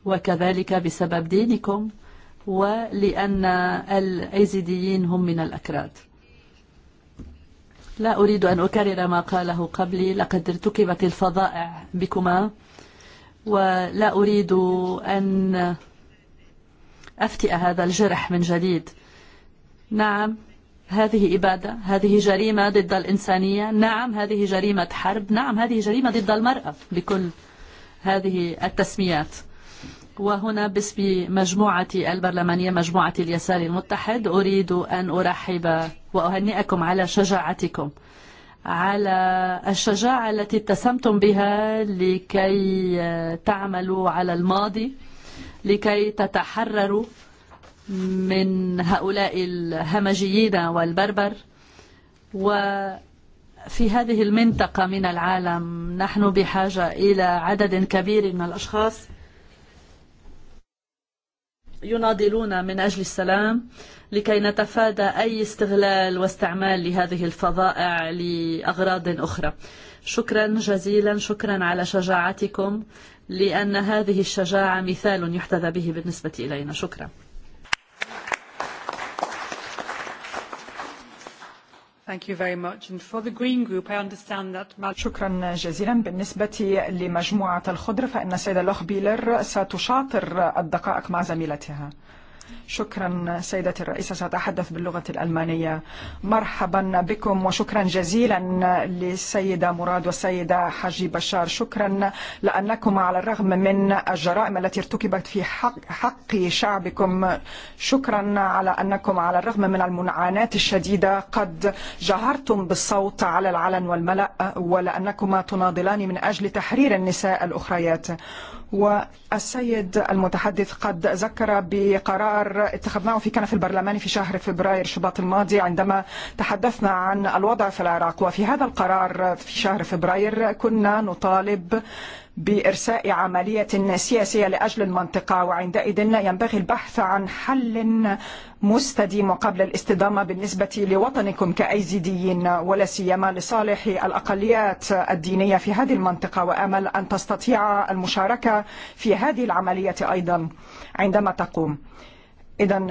وكذلك بسبب دينكم ولأن الأيزيديين هم من الأكراد لا أريد أن أكرر ما قاله قبلي لقد ارتكبت الفظائع بكما ولا أريد أن أفتئ هذا الجرح من جديد نعم هذه إبادة هذه جريمة ضد الإنسانية نعم هذه جريمة حرب نعم هذه جريمة ضد المرأة بكل هذه التسميات وهنا باسم مجموعة البرلمانية مجموعة اليسار المتحد أريد أن أرحب وأهنئكم على شجاعتكم على الشجاعة التي اتسمتم بها لكي تعملوا على الماضي لكي تتحرروا من هؤلاء الهمجيين والبربر وفي هذه المنطقة من العالم نحن بحاجة إلى عدد كبير من الأشخاص يناضلون من أجل السلام لكي نتفادى أي استغلال واستعمال لهذه الفظائع لأغراض أخرى شكرا جزيلا شكرا على شجاعتكم لأن هذه الشجاعة مثال يحتذى به بالنسبة إلينا شكرا Thank you very much for the green group I understand that mal shukran jaziran بالنسبه لمجموعه الخضر فان السيده لوخ شكرا سيدتي الرئيسة سأتحدث باللغة الألمانية مرحبا بكم وشكرا جزيلا للسيدة مراد والسيدة حجي بشار شكرا لأنكم على الرغم من الجرائم التي ارتكبت في حق, حق شعبكم شكرا على أنكم على الرغم من المعاناة الشديدة قد جهرتم بالصوت على العلن والملأ ولأنكما تناضلان من أجل تحرير النساء الأخريات والسيد المتحدث قد ذكر بقرار اتخذناه في كنف البرلمان في شهر فبراير شباط الماضي عندما تحدثنا عن الوضع في العراق وفي هذا القرار في شهر فبراير كنا نطالب بإرساء عملية سياسية لأجل المنطقة وعندئذ ينبغي البحث عن حل مستديم قبل الاستدامة بالنسبة لوطنكم كأيزيديين ولا سيما لصالح الأقليات الدينية في هذه المنطقة وأمل أن تستطيع المشاركة في هذه العملية أيضا عندما تقوم اذا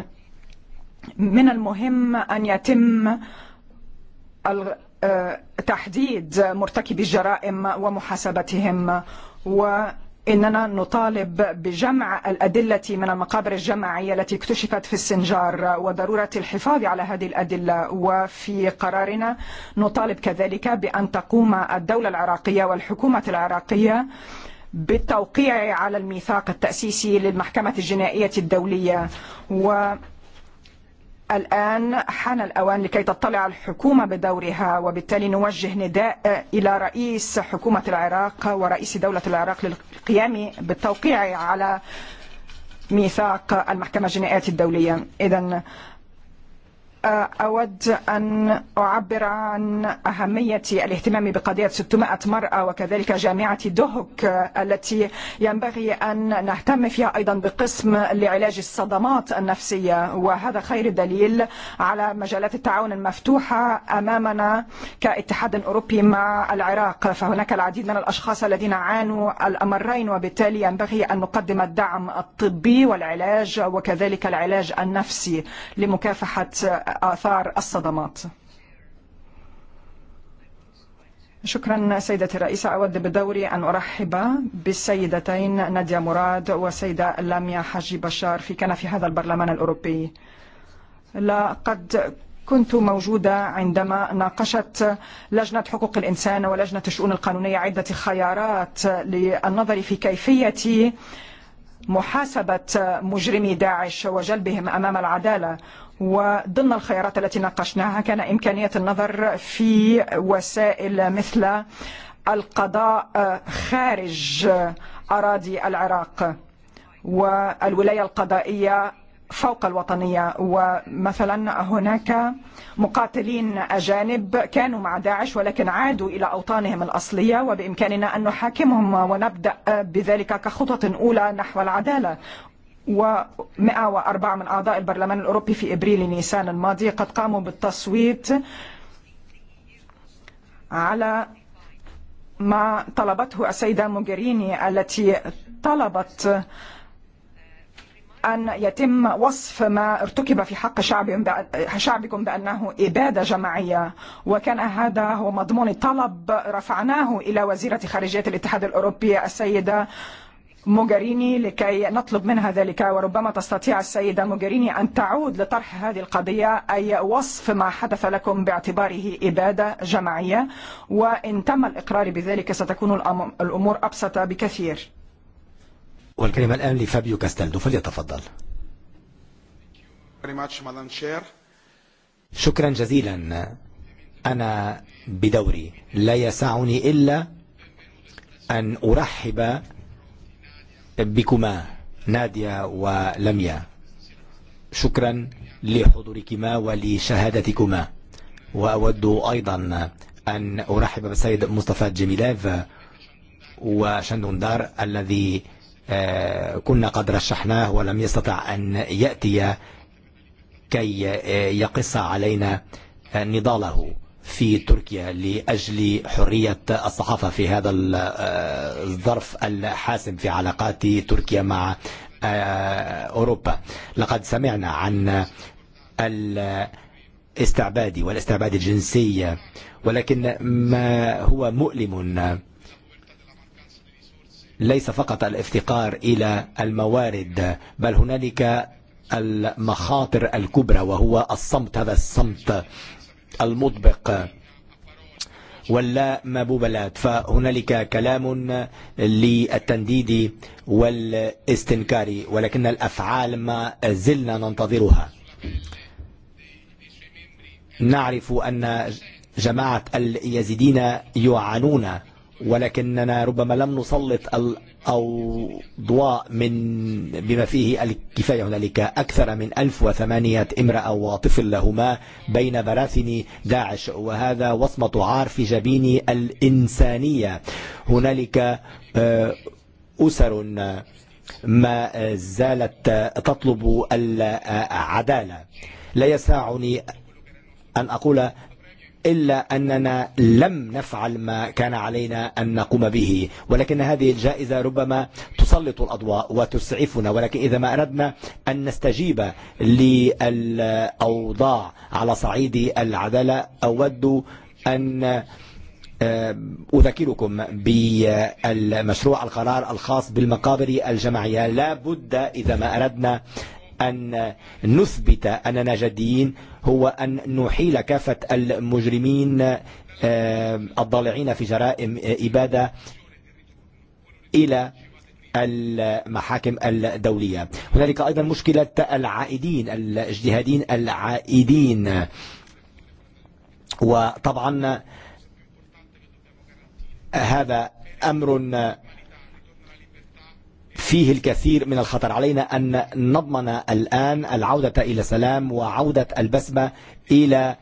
من المهم أن يتم تحديد مرتكبي الجرائم ومحاسبتهم واننا نطالب بجمع الأدلة من المقابر الجماعية التي اكتشفت في السنجار وضرورة الحفاظ على هذه الأدلة وفي قرارنا نطالب كذلك بأن تقوم الدولة العراقية والحكومة العراقية بالتوقيع على الميثاق التأسيسي للمحكمة الجنائية الدولية و الآن حان الأوان لكي تطلع الحكومة بدورها وبالتالي نوجه نداء إلى رئيس حكومة العراق ورئيس دولة العراق للقيام بالتوقيع على ميثاق المحكمة الجنائية الدولية إذا أود أن أعبر عن أهمية الاهتمام بقضية 600 مرأة وكذلك جامعة دهك التي ينبغي أن نهتم فيها أيضا بقسم لعلاج الصدمات النفسية وهذا خير دليل على مجالات التعاون المفتوحة أمامنا كاتحاد أوروبي مع العراق فهناك العديد من الأشخاص الذين عانوا الأمرين وبالتالي ينبغي أن نقدم الدعم الطبي والعلاج وكذلك العلاج النفسي لمكافحة athar الصدمات. Šukran, sajda te raisa, awadu bih dvori an urahiba bis sajdatain Nadija Murad wa sajda Lamia Haji Bashar fi kana fi hadha al-barlamana al-eruppi. La, kad kuntu mawjuda dama naqashat lajnata hukuk al-insana wa lajnata shuun al-qanuni aida li al muhasabat mujrimi da'aš wa jalbihim amama adala وضمن الخيارات التي ناقشناها كان إمكانية النظر في وسائل مثل القضاء خارج أراضي العراق والولاية القضائية فوق الوطنية ومثلا هناك مقاتلين أجانب كانوا مع داعش ولكن عادوا إلى أوطانهم الأصلية وبإمكاننا أن نحاكمهم ونبدأ بذلك كخطوة أولى نحو العدالة و104 من أعضاء البرلمان الأوروبي في إبريل نيسان الماضي قد قاموا بالتصويت على ما طلبته السيدة موغريني التي طلبت أن يتم وصف ما ارتكب في حق شعبكم بأنه إبادة جماعية وكان هذا هو مضمون طلب رفعناه إلى وزيرة خارجية الاتحاد الأوروبي السيدة موغاريني لكي نطلب منها ذلك وربما تستطيع السيدة موغاريني أن تعود لطرح هذه القضية أي وصف ما حدث لكم باعتباره إبادة جماعية وإن تم الإقرار بذلك ستكون الأمور أبسط بكثير والكلمة الآن لفابيو كاستالدو فليتفضل شكرا جزيلا أنا بدوري لا يسعني إلا أن أرحب بكما نادية ولميا شكرا لحضوركما ولشهادتكما وأود أيضا أن أرحب بالسيد مصطفى جميلاف وشندون دار الذي كنا قد رشحناه ولم يستطع أن يأتي كي يقص علينا نضاله في تركيا لأجل حرية الصحافة في هذا الظرف الحاسم في علاقات تركيا مع أوروبا لقد سمعنا عن الاستعباد والاستعباد الجنسي ولكن ما هو مؤلم ليس فقط الافتقار إلى الموارد بل هنالك المخاطر الكبرى وهو الصمت هذا الصمت المطبق ولا مبوبلات فهنالك كلام للتنديد والاستنكار ولكن الأفعال ما زلنا ننتظرها نعرف أن جماعة اليزيدين يعانون ولكننا ربما لم نسلط الأوضاء من بما فيه الكفاية هنالك أكثر من وثمانية امرأة وطفل لهما بين براثن داعش وهذا وصمة عار في جبين الإنسانية هنالك أسر ما زالت تطلب العدالة لا يسعني أن أقول إلا أننا لم نفعل ما كان علينا أن نقوم به ولكن هذه الجائزة ربما تسلط الأضواء وتسعفنا ولكن إذا ما أردنا أن نستجيب للأوضاع على صعيد العدالة أود أن أذكركم بالمشروع القرار الخاص بالمقابر الجماعية لا بد إذا ما أردنا أن نثبت أننا جديين هو أن نحيل كافة المجرمين الضالعين في جرائم إبادة إلى المحاكم الدولية هنالك أيضا مشكلة العائدين الاجتهادين العائدين وطبعا هذا أمر فيه الكثير من الخطر علينا أن نضمن الآن العودة إلى السلام وعودة البسمة إلى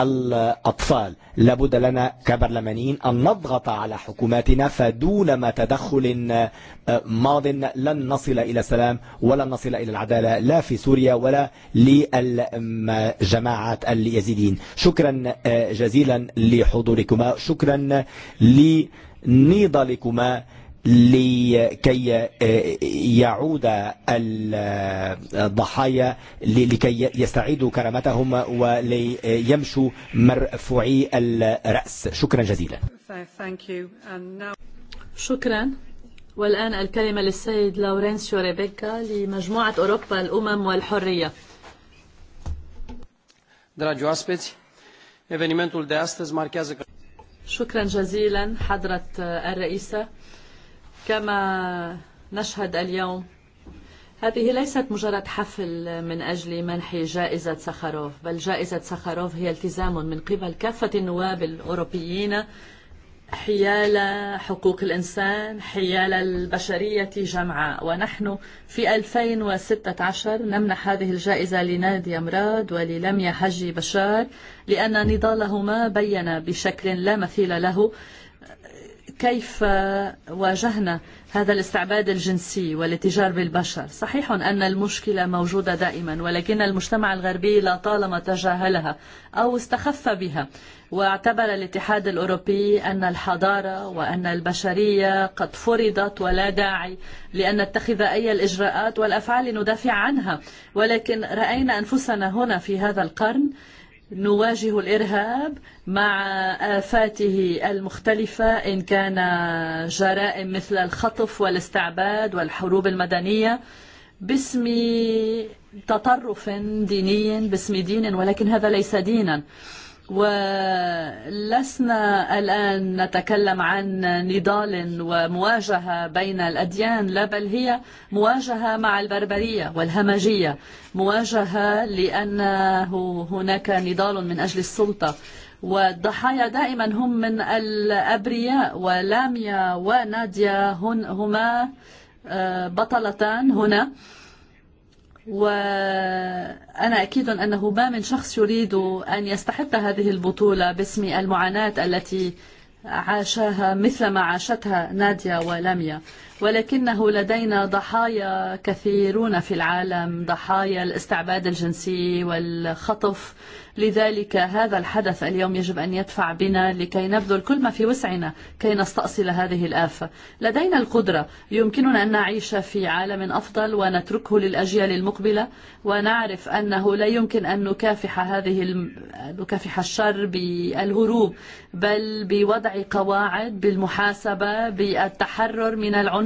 الأطفال لابد لنا كبرلمانيين أن نضغط على حكوماتنا فدون ما تدخل ماض لن نصل إلى السلام ولن نصل إلى العدالة لا في سوريا ولا لجماعة اليزيدين شكرا جزيلا لحضوركما شكرا لنضالكما لكي يعود الضحايا لكي يستعيدوا كرامتهم وليمشوا مرفوعي الرأس شكرا جزيلا شكرا والآن الكلمة للسيد لورنس ريبيكا لمجموعة أوروبا الأمم والحرية دراجي oaspeți, evenimentul de astăzi marchează... شكرا جزيلا حضرة الرئيسة كما نشهد اليوم هذه ليست مجرد حفل من أجل منح جائزة سخاروف بل جائزة سخاروف هي التزام من قبل كافة النواب الأوروبيين حيال حقوق الإنسان حيال البشرية جمعاء ونحن في 2016 نمنح هذه الجائزة لنادي أمراد وللميا حجي بشار لأن نضالهما بين بشكل لا مثيل له كيف واجهنا هذا الاستعباد الجنسي والاتجار بالبشر صحيح أن المشكلة موجودة دائما ولكن المجتمع الغربي لا طالما تجاهلها أو استخف بها واعتبر الاتحاد الأوروبي أن الحضارة وأن البشرية قد فرضت ولا داعي لأن نتخذ أي الإجراءات والأفعال ندافع عنها ولكن رأينا أنفسنا هنا في هذا القرن نواجه الإرهاب مع آفاته المختلفة إن كان جرائم مثل الخطف والاستعباد والحروب المدنية باسم تطرف ديني باسم دين ولكن هذا ليس دينا ولسنا الآن نتكلم عن نضال ومواجهة بين الأديان لا بل هي مواجهة مع البربرية والهمجية مواجهة لانه هناك نضال من أجل السلطة والضحايا دائما هم من الأبرياء ولاميا وناديا هن هما بطلتان هنا وأنا أكيد أنه ما من شخص يريد أن يستحق هذه البطولة باسم المعاناة التي عاشها مثل ما عاشتها ناديا ولمية. ولكنه لدينا ضحايا كثيرون في العالم ضحايا الاستعباد الجنسي والخطف لذلك هذا الحدث اليوم يجب أن يدفع بنا لكي نبذل كل ما في وسعنا كي نستأصل هذه الآفة لدينا القدرة يمكننا أن نعيش في عالم أفضل ونتركه للأجيال المقبلة ونعرف أنه لا يمكن أن نكافح هذه نكافح الشر بالهروب بل بوضع قواعد بالمحاسبة بالتحرر من العنف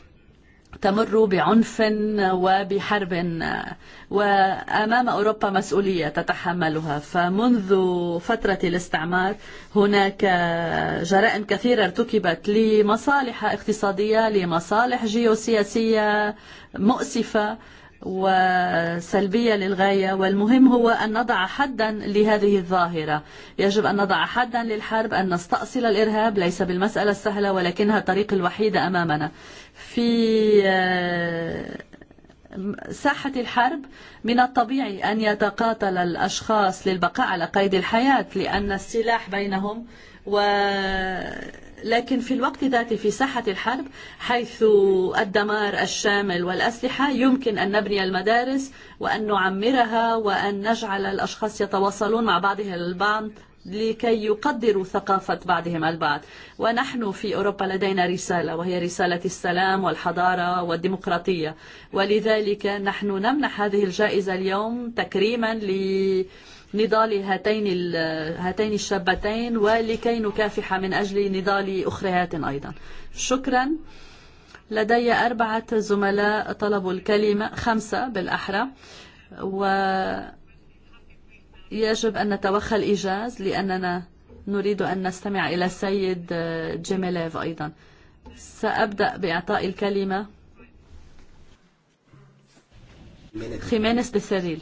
تمر بعنف وبحرب وأمام أوروبا مسؤولية تتحملها فمنذ فترة الاستعمار هناك جرائم كثيرة ارتكبت لمصالح اقتصادية لمصالح جيوسياسية مؤسفة وسلبية للغاية والمهم هو أن نضع حدا لهذه الظاهرة يجب أن نضع حدا للحرب أن نستأصل الإرهاب ليس بالمسألة السهلة ولكنها الطريق الوحيد أمامنا في ساحة الحرب من الطبيعي أن يتقاتل الأشخاص للبقاء على قيد الحياة لأن السلاح بينهم و لكن في الوقت ذاته في ساحة الحرب حيث الدمار الشامل والأسلحة يمكن أن نبني المدارس وأن نعمرها وأن نجعل الأشخاص يتواصلون مع بعضهم البعض لكي يقدروا ثقافة بعضهم البعض ونحن في أوروبا لدينا رسالة وهي رسالة السلام والحضارة والديمقراطية ولذلك نحن نمنح هذه الجائزة اليوم تكريما ل نضال هاتين هاتين الشابتين ولكي نكافح من اجل نضال اخريات ايضا. شكرا لدي اربعه زملاء طلبوا خمسه بالاحرى. و ويجب ان نتوخى الايجاز لاننا نريد ان نستمع الى السيد جيميليف ايضا سابدا باعطاء الكلمه خيمينيس بسريل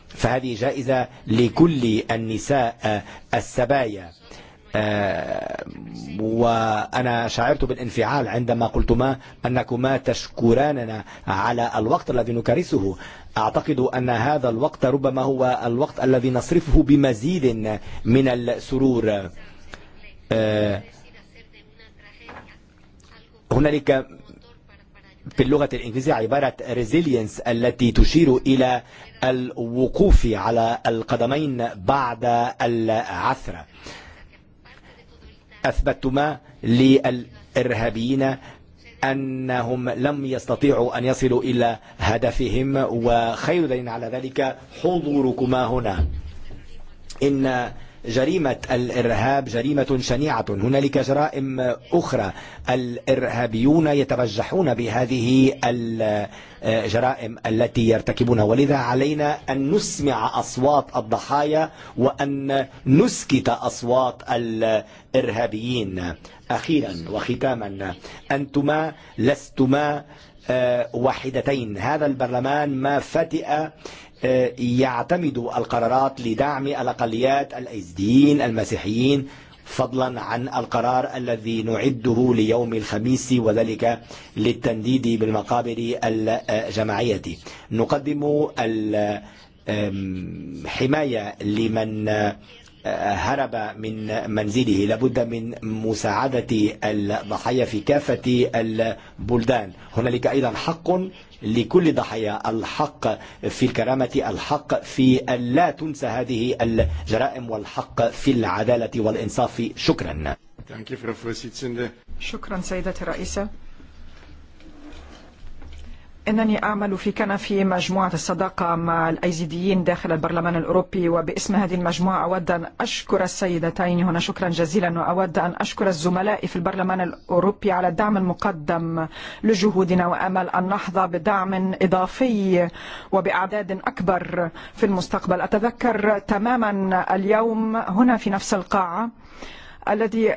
فهذه جائزة لكل النساء السبايا وأنا شعرت بالانفعال عندما قلتما أنكما تشكراننا على الوقت الذي نكرسه أعتقد أن هذا الوقت ربما هو الوقت الذي نصرفه بمزيد من السرور هناك في اللغة الإنجليزية عبارة resilience التي تشير إلى الوقوف على القدمين بعد العثرة أثبتما للإرهابيين أنهم لم يستطيعوا أن يصلوا إلى هدفهم وخير دليل على ذلك حضوركما هنا إن جريمة الإرهاب جريمة شنيعة هنالك جرائم أخرى الإرهابيون يترجحون بهذه الجرائم التي يرتكبونها ولذا علينا أن نسمع أصوات الضحايا وأن نسكت أصوات الإرهابيين أخيرا وختاما أنتما لستما وحدتين هذا البرلمان ما فتئ يعتمد القرارات لدعم الأقليات الأيزديين المسيحيين فضلا عن القرار الذي نعده ليوم الخميس وذلك للتنديد بالمقابر الجماعية نقدم الحماية لمن هرب من منزله لابد من مساعدة الضحايا في كافة البلدان هنالك أيضا حق لكل ضحية الحق في الكرامة الحق في لا تنسى هذه الجرائم والحق في العدالة والإنصاف شكرا شكرا سيدة الرئيسة إنني أعمل في كان في مجموعة الصداقة مع الأيزيديين داخل البرلمان الأوروبي وباسم هذه المجموعة أود أن أشكر السيدتين هنا شكرا جزيلا وأود أن أشكر الزملاء في البرلمان الأوروبي على الدعم المقدم لجهودنا وأمل أن نحظى بدعم إضافي وبأعداد أكبر في المستقبل أتذكر تماما اليوم هنا في نفس القاعة الذي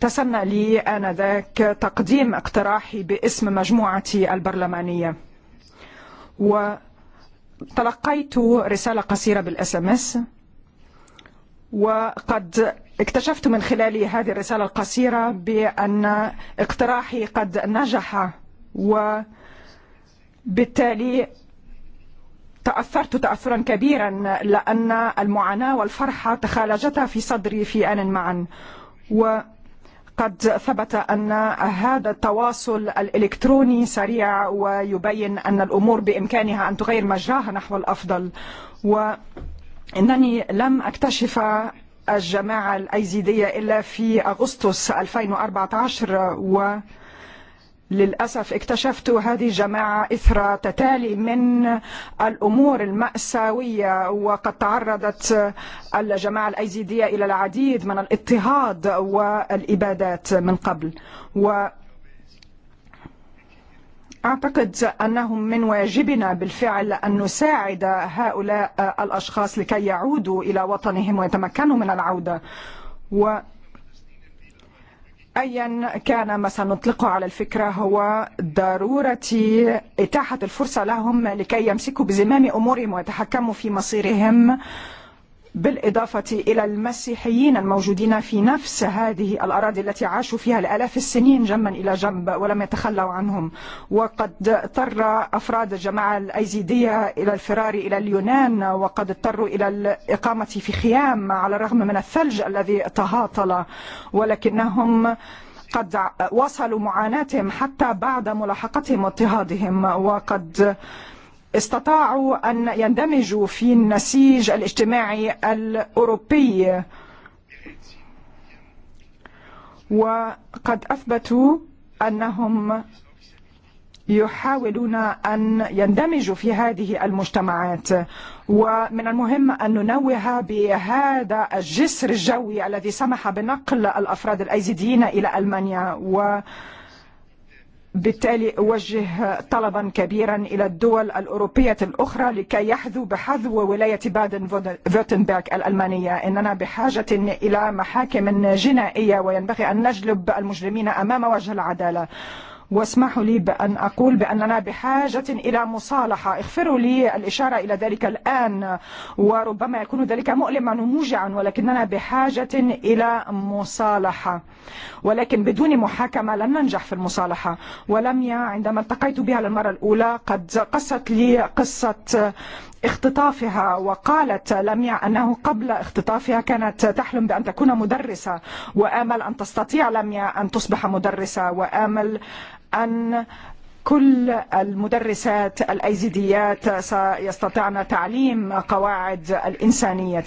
تسنى لي آنذاك تقديم اقتراحي باسم مجموعتي البرلمانية وتلقيت رسالة قصيرة بالاس ام اس وقد اكتشفت من خلال هذه الرسالة القصيرة بأن اقتراحي قد نجح وبالتالي تأثرت تأثرا كبيرا لأن المعاناة والفرحة تخالجتا في صدري في آن معا وبالتالي قد ثبت أن هذا التواصل الإلكتروني سريع ويبين أن الأمور بإمكانها أن تغير مجراها نحو الأفضل وإنني لم أكتشف الجماعة الأيزيدية إلا في أغسطس 2014 و للأسف اكتشفت هذه الجماعة إثر تتالي من الأمور المأساوية وقد تعرضت الجماعة الأيزيدية إلى العديد من الاضطهاد والإبادات من قبل و أعتقد أنهم من واجبنا بالفعل أن نساعد هؤلاء الأشخاص لكي يعودوا إلى وطنهم ويتمكنوا من العودة و... أيا كان ما سنطلقه على الفكرة هو ضرورة إتاحة الفرصة لهم لكي يمسكوا بزمام أمورهم ويتحكموا في مصيرهم بالإضافة إلى المسيحيين الموجودين في نفس هذه الأراضي التي عاشوا فيها الآلاف السنين جنبا إلى جنب ولم يتخلوا عنهم وقد اضطر أفراد الجماعة الأيزيدية إلى الفرار إلى اليونان وقد اضطروا إلى الإقامة في خيام على الرغم من الثلج الذي تهاطل ولكنهم قد وصلوا معاناتهم حتى بعد ملاحقتهم واضطهادهم وقد استطاعوا أن يندمجوا في النسيج الاجتماعي الأوروبي وقد أثبتوا أنهم يحاولون أن يندمجوا في هذه المجتمعات ومن المهم أن ننوه بهذا الجسر الجوي الذي سمح بنقل الأفراد الأيزيديين إلى ألمانيا و بالتالي أوجه طلبا كبيرا إلى الدول الأوروبية الأخرى لكي يحذو بحذو ولاية بادن فوتنبرغ الألمانية إننا بحاجة إلى محاكم جنائية وينبغي أن نجلب المجرمين أمام وجه العدالة واسمحوا لي بأن أقول بأننا بحاجة إلى مصالحة اغفروا لي الإشارة إلى ذلك الآن وربما يكون ذلك مؤلما وموجعا ولكننا بحاجة إلى مصالحة ولكن بدون محاكمة لن ننجح في المصالحة ولميا عندما التقيت بها للمرة الأولى قد قصت لي قصة اختطافها وقالت لميا أنه قبل اختطافها كانت تحلم بأن تكون مدرسة وآمل أن تستطيع لميا أن تصبح مدرسة وآمل أن كل المدرسات الأيزيديات سيستطعن تعليم قواعد الإنسانية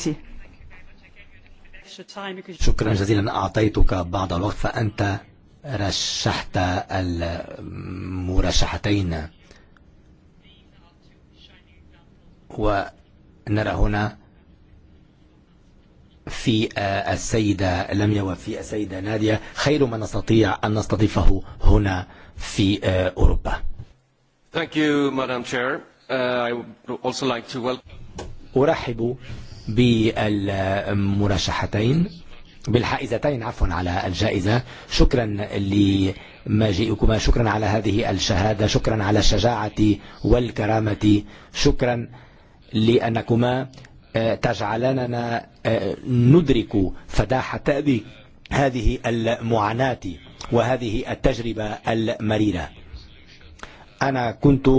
شكرا جزيلا أعطيتك بعض الوقت فأنت رشحت المرشحتين ونرى هنا في السيدة لميا وفي السيدة نادية خير ما نستطيع أن نستضيفه هنا في أوروبا Thank you, Madam Chair. I would also like to welcome... أرحب بالمرشحتين بالحائزتين عفوا على الجائزة شكرا لمجيئكما شكرا على هذه الشهادة شكرا على الشجاعة والكرامة شكرا لأنكما تجعلنا ندرك فداحة هذه المعاناة وهذه التجربة المريرة أنا كنت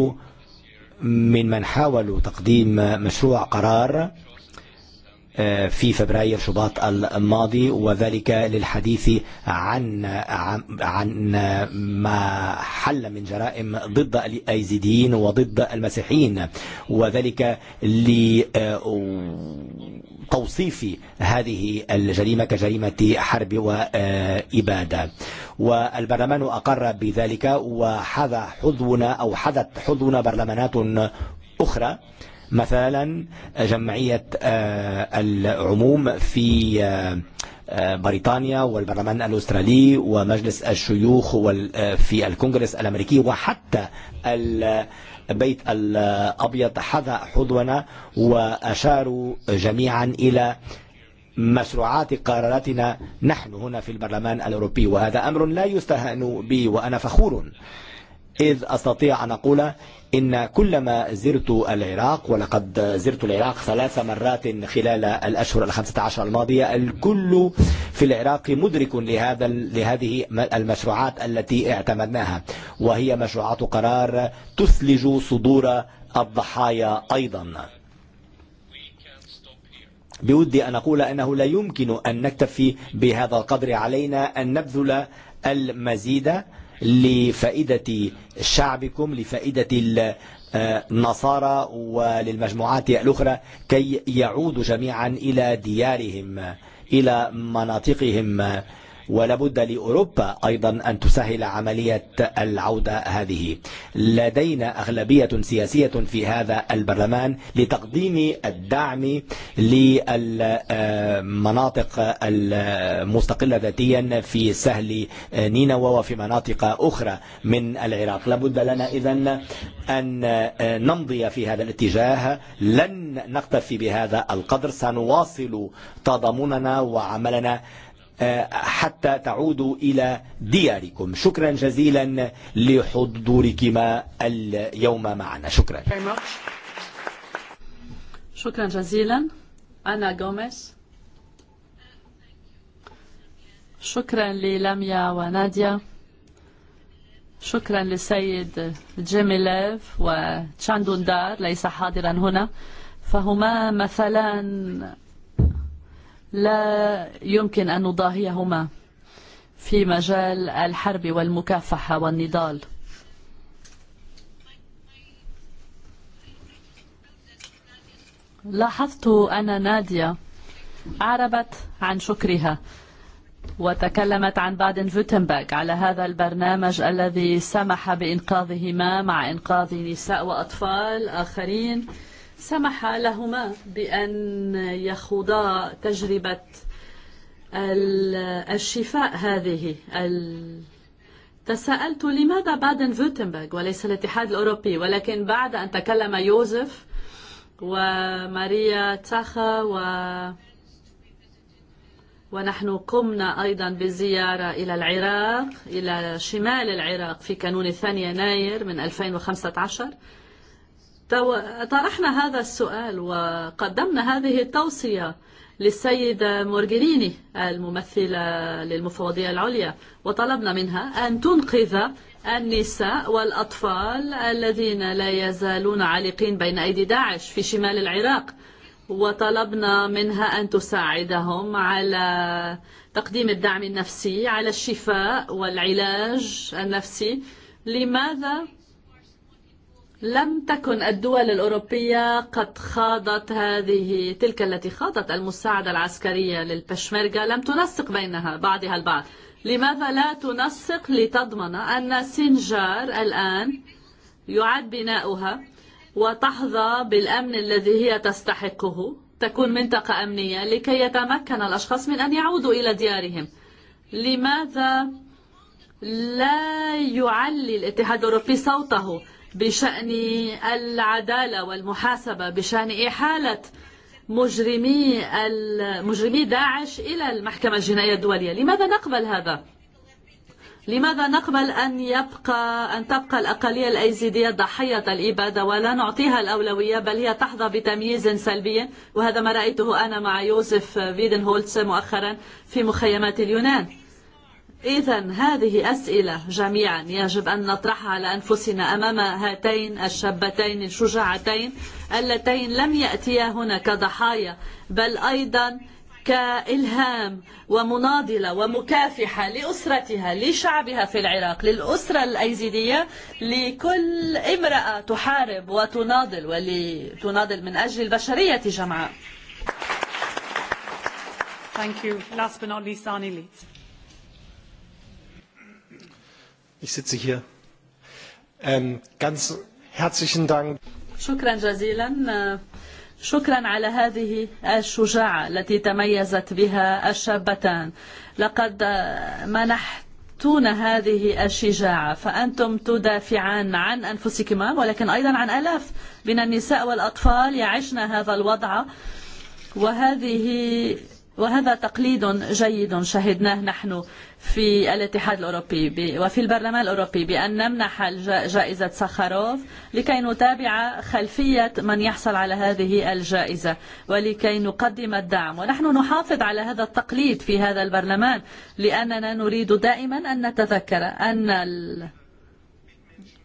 من من حاولوا تقديم مشروع قرار في فبراير شباط الماضي وذلك للحديث عن عن ما حل من جرائم ضد الايزيديين وضد المسيحيين وذلك ل توصيف هذه الجريمة كجريمة حرب وإبادة والبرلمان أقر بذلك وحذى حذونا أو حذت حذونا برلمانات أخرى مثلا جمعية العموم في بريطانيا والبرلمان الأسترالي ومجلس الشيوخ في الكونغرس الأمريكي وحتى بيت الأبيض حظى حضونا وأشاروا جميعا إلى مشروعات قراراتنا نحن هنا في البرلمان الأوروبي وهذا أمر لا يستهان به وأنا فخور إذ أستطيع أن أقول إن كلما زرت العراق ولقد زرت العراق ثلاث مرات خلال الأشهر الخمسة عشر الماضية الكل في العراق مدرك لهذا لهذه المشروعات التي اعتمدناها وهي مشروعات قرار تثلج صدور الضحايا أيضا بودي أن أقول أنه لا يمكن أن نكتفي بهذا القدر علينا أن نبذل المزيد لفائدة شعبكم لفائدة النصارى وللمجموعات الأخرى كي يعودوا جميعا إلى ديارهم إلى مناطقهم ولابد لأوروبا أيضا أن تسهل عملية العودة هذه لدينا أغلبية سياسية في هذا البرلمان لتقديم الدعم للمناطق المستقلة ذاتيا في سهل نينوى وفي مناطق أخرى من العراق لابد لنا إذا أن نمضي في هذا الاتجاه لن نقتفي بهذا القدر سنواصل تضامننا وعملنا حتى تعودوا إلى دياركم شكرا جزيلا لحضوركما اليوم معنا شكرا شكرا جزيلا أنا جوميز شكرا للميا وناديا شكرا للسيد جيميليف وتشاندوندار ليس حاضرا هنا فهما مثلان لا يمكن أن نضاهيهما في مجال الحرب والمكافحة والنضال لاحظت أن نادية عربت عن شكرها وتكلمت عن بادن فوتنباك على هذا البرنامج الذي سمح بإنقاذهما مع إنقاذ نساء وأطفال آخرين سمح لهما بأن يخوضا تجربة الشفاء هذه تساءلت لماذا بعد فوتنبرغ وليس الاتحاد الأوروبي ولكن بعد أن تكلم يوزف وماريا تاخا و ونحن قمنا أيضا بزيارة إلى العراق إلى شمال العراق في كانون الثاني يناير من 2015 طرحنا هذا السؤال وقدمنا هذه التوصية للسيدة مورجريني الممثلة للمفوضية العليا وطلبنا منها أن تنقذ النساء والأطفال الذين لا يزالون عالقين بين أيدي داعش في شمال العراق وطلبنا منها أن تساعدهم على تقديم الدعم النفسي على الشفاء والعلاج النفسي لماذا لم تكن الدول الأوروبية قد خاضت هذه تلك التي خاضت المساعدة العسكرية للبشمركة لم تنسق بينها بعضها البعض لماذا لا تنسق لتضمن أن سنجار الآن يعاد بناؤها وتحظى بالأمن الذي هي تستحقه تكون منطقة أمنية لكي يتمكن الأشخاص من أن يعودوا إلى ديارهم لماذا لا يعلي الاتحاد الأوروبي صوته بشأن العدالة والمحاسبة بشأن إحالة مجرمي مجرمي داعش إلى المحكمة الجنائية الدولية لماذا نقبل هذا؟ لماذا نقبل أن يبقى أن تبقى الأقلية الأيزيدية ضحية الإبادة ولا نعطيها الأولوية بل هي تحظى بتمييز سلبي وهذا ما رأيته أنا مع يوسف فيدن هولتس مؤخرا في مخيمات اليونان إذا هذه أسئلة جميعا يجب أن نطرحها على أنفسنا أمام هاتين الشابتين الشجاعتين اللتين لم يأتيا هنا كضحايا بل أيضا كإلهام ومناضلة ومكافحة لأسرتها لشعبها في العراق للأسرة الأيزيدية لكل امرأة تحارب وتناضل ولتناضل من أجل البشرية جمعاء Thank you. Last but not least, Arnie Leeds. Ich sitze hier. Ähm, ganz herzlichen Dank. شكرا جزيلا شكرا على هذه الشجاعة التي تميزت بها الشابتان لقد منحتون هذه الشجاعة فأنتم تدافعان عن أنفسكما ولكن أيضا عن ألاف من النساء والأطفال يعشن هذا الوضع وهذه وهذا تقليد جيد شهدناه نحن في الاتحاد الأوروبي وفي البرلمان الأوروبي بأن نمنح جائزة سخاروف لكي نتابع خلفية من يحصل على هذه الجائزة ولكي نقدم الدعم ونحن نحافظ على هذا التقليد في هذا البرلمان لأننا نريد دائما أن نتذكر أن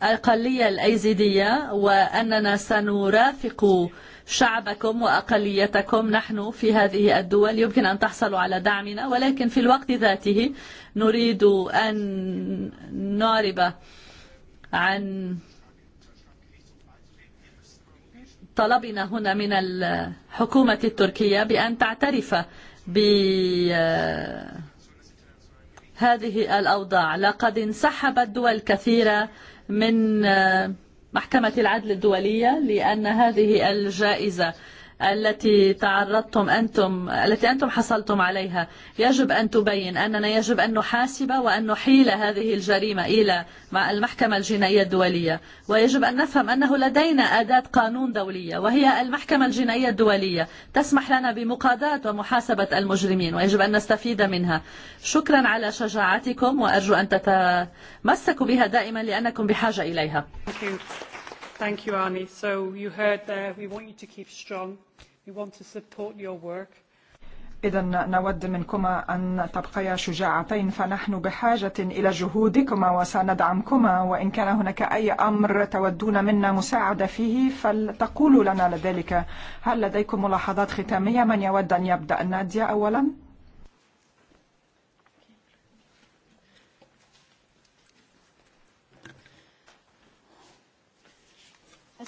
الأقلية الأيزيدية وأننا سنرافق شعبكم وأقليتكم نحن في هذه الدول يمكن أن تحصلوا على دعمنا ولكن في الوقت ذاته نريد أن نعرب عن طلبنا هنا من الحكومة التركية بأن تعترف بهذه الأوضاع لقد انسحبت دول كثيرة من محكمة العدل الدولية لأن هذه الجائزة التي تعرضتم أنتم التي أنتم حصلتم عليها يجب أن تبين أننا يجب أن نحاسب وأن نحيل هذه الجريمة إلى المحكمة الجنائية الدولية ويجب أن نفهم أنه لدينا أداة قانون دولية وهي المحكمة الجنائية الدولية تسمح لنا بمقاضاة ومحاسبة المجرمين ويجب أن نستفيد منها شكرا على شجاعتكم وأرجو أن تتمسكوا بها دائما لأنكم بحاجة إليها Thank you, Arnie. So you heard there, we want you to keep strong. We want to support your work. إذا نود منكما أن تبقيا شجاعتين فنحن بحاجة إلى جهودكما وسندعمكما وإن كان هناك أي أمر تودون منا مساعدة فيه فلتقولوا لنا لذلك هل لديكم ملاحظات ختامية من يود أن يبدأ ناديا أولاً؟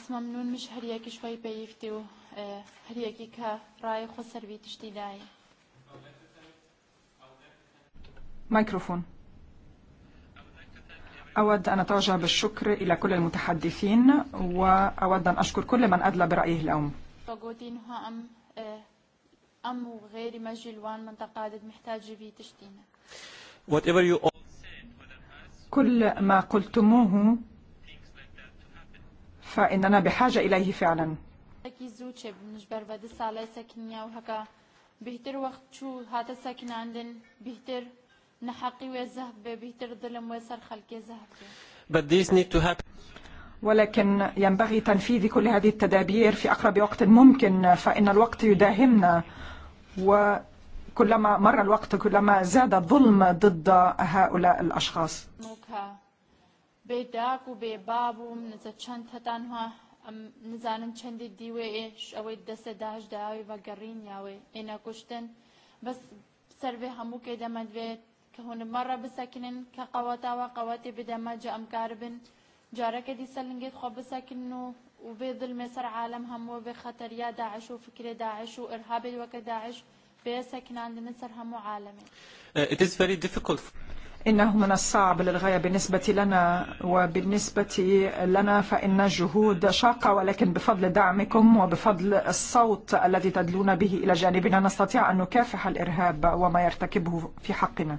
ممنون مش هر یکی شوی پیفتی و هر یکی که رای خود سروی تشتی دایی أود أن أتوجه بالشكر إلى كل المتحدثين وأود أن أشكر كل من أدلى برأيه اليوم كل ما قلتموه فإننا بحاجة إليه فعلا بهتر وقت شو هذا عندن بهتر نحقي وزهب بهتر ظلم وسر خلقي زهب But need to happen. ولكن ينبغي تنفيذ كل هذه التدابير في أقرب وقت ممكن فإن الوقت يداهمنا وكلما مر الوقت كلما زاد الظلم ضد هؤلاء الأشخاص. بێداگ و بێبا بووم نزە چەند هەتانها نزانم چەندی دیوێ ئێش ئەوەی دەسە داش داوی بە گەڕین یاوێ ئێنە کوشتن بەس سەرێ هەموو کێ دەمەدوێت کە هونمەڕە بسەکنن کە قەوەتاوە قەوەتی بدەمەجە ئەمکار بن جارەکە دیسە لنگێت خۆ بسەکن و وبێ دڵمێ سەر عالم هەموو بێ خەتەریا داعش و فکرێ داعش و ئرهابێت وەکە داعش بێ سەکناندنە سەر هەموو عالمێ It من الصعب للغاية بالنسبة لنا وبالنسبة لنا فإن الجهود شاقة ولكن بفضل دعمكم وبفضل الصوت الذي تدلون به إلى جانبنا نستطيع أن نكافح الإرهاب وما يرتكبه في حقنا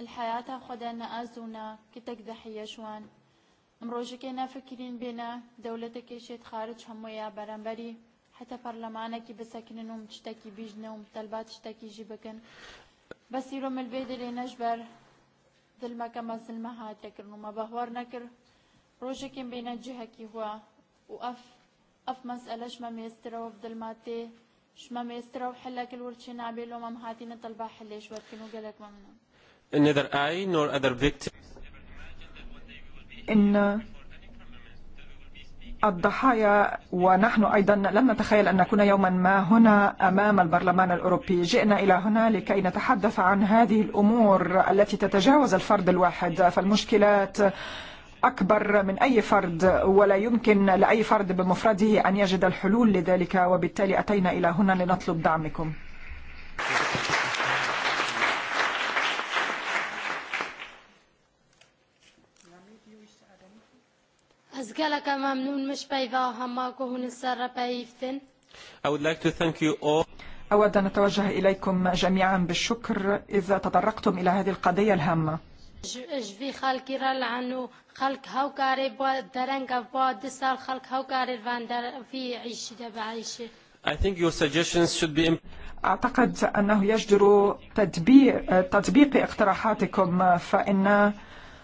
الحياة خدنا أزونا كتك ضحية شوان امروژەکە بنا دولتك دەولەتەکەشێت خارج هەموویە بەرەمبەری برنبري حتى بسەکنن و شتێکی بیژنە و شتكي جيبكن بس بکەن بەسیرۆ ملبێ دلما کما سلما هات لکرنو ما بهوار نکر کم بینا بین جهکی هوا و اف اف مسئله شما میستره و دلما تی شما میستره و کل حلک الورچی نابیلو مم هاتی نطلبه شوار کنو گلک ممنون Neither I nor other victims. In uh, الضحايا ونحن أيضا لم نتخيل أن نكون يوما ما هنا أمام البرلمان الأوروبي جئنا إلى هنا لكي نتحدث عن هذه الأمور التي تتجاوز الفرد الواحد فالمشكلات أكبر من أي فرد ولا يمكن لأي فرد بمفرده أن يجد الحلول لذلك وبالتالي أتينا إلى هنا لنطلب دعمكم Azgalaka mamnun I would like to thank you all. أود أن أتوجه إليكم جميعا بالشكر إذا تطرقتم إلى هذه القضية الهامة. يجدر تطبيق اقتراحاتكم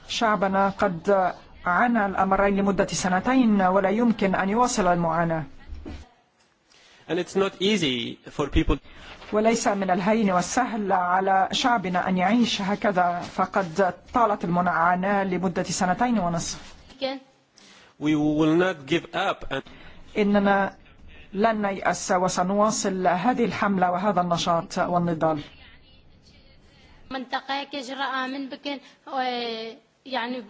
شعبنا قد عانى الأمرين لمدة سنتين ولا يمكن أن يواصل المعاناة And it's not easy for people... وليس من الهين والسهل على شعبنا أن يعيش هكذا فقد طالت المعاناة لمدة سنتين ونصف We will not give up and... إننا لن نيأس وسنواصل هذه الحملة وهذا النشاط والنضال منطقة كجراء من بكن يعني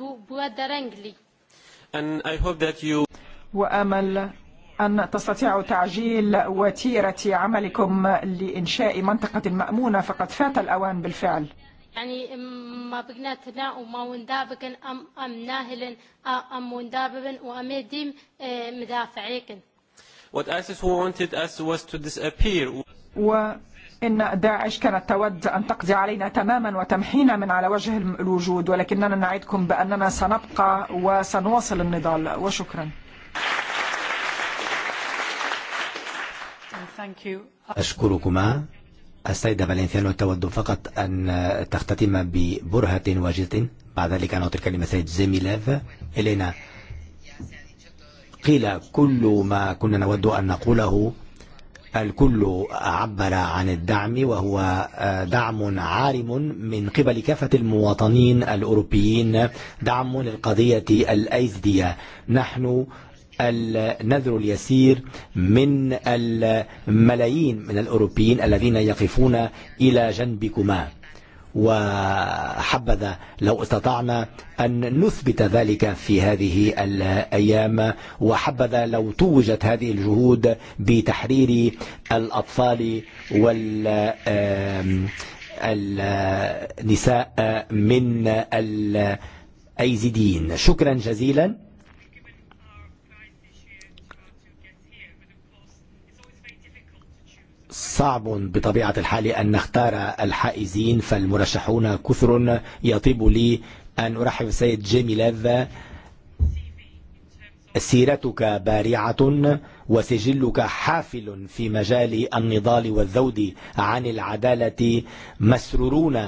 درنجلي. And I hope that you... وأمل أن تستطيعوا تعجيل وتيرة عملكم لإنشاء منطقة مأمونة فقد فات الأوان بالفعل يعني ما بقناتنا وما وندابكن أم أم ناهل أم وندابن وأمديم مدافعيكن What ISIS wanted us was to disappear. إن داعش كانت تود أن تقضي علينا تماما وتمحينا من على وجه الوجود ولكننا نعدكم بأننا سنبقى وسنواصل النضال وشكرا أشكركما السيدة فالنسيانو تود فقط أن تختتم ببرهة واجدة بعد ذلك نعطي الكلمة سيد زميلاف إلينا قيل كل ما كنا نود أن نقوله الكل عبر عن الدعم وهو دعم عارم من قبل كافة المواطنين الأوروبيين دعم للقضية الأيزدية نحن النذر اليسير من الملايين من الأوروبيين الذين يقفون إلى جنبكما وحبذا لو استطعنا أن نثبت ذلك في هذه الأيام وحبذا لو توجت هذه الجهود بتحرير الأطفال النساء من الأيزيديين شكرا جزيلا صعب بطبيعة الحال أن نختار الحائزين فالمرشحون كثر يطيب لي أن أرحب السيد جيمي لذ سيرتك بارعة وسجلك حافل في مجال النضال والذود عن العدالة مسرورون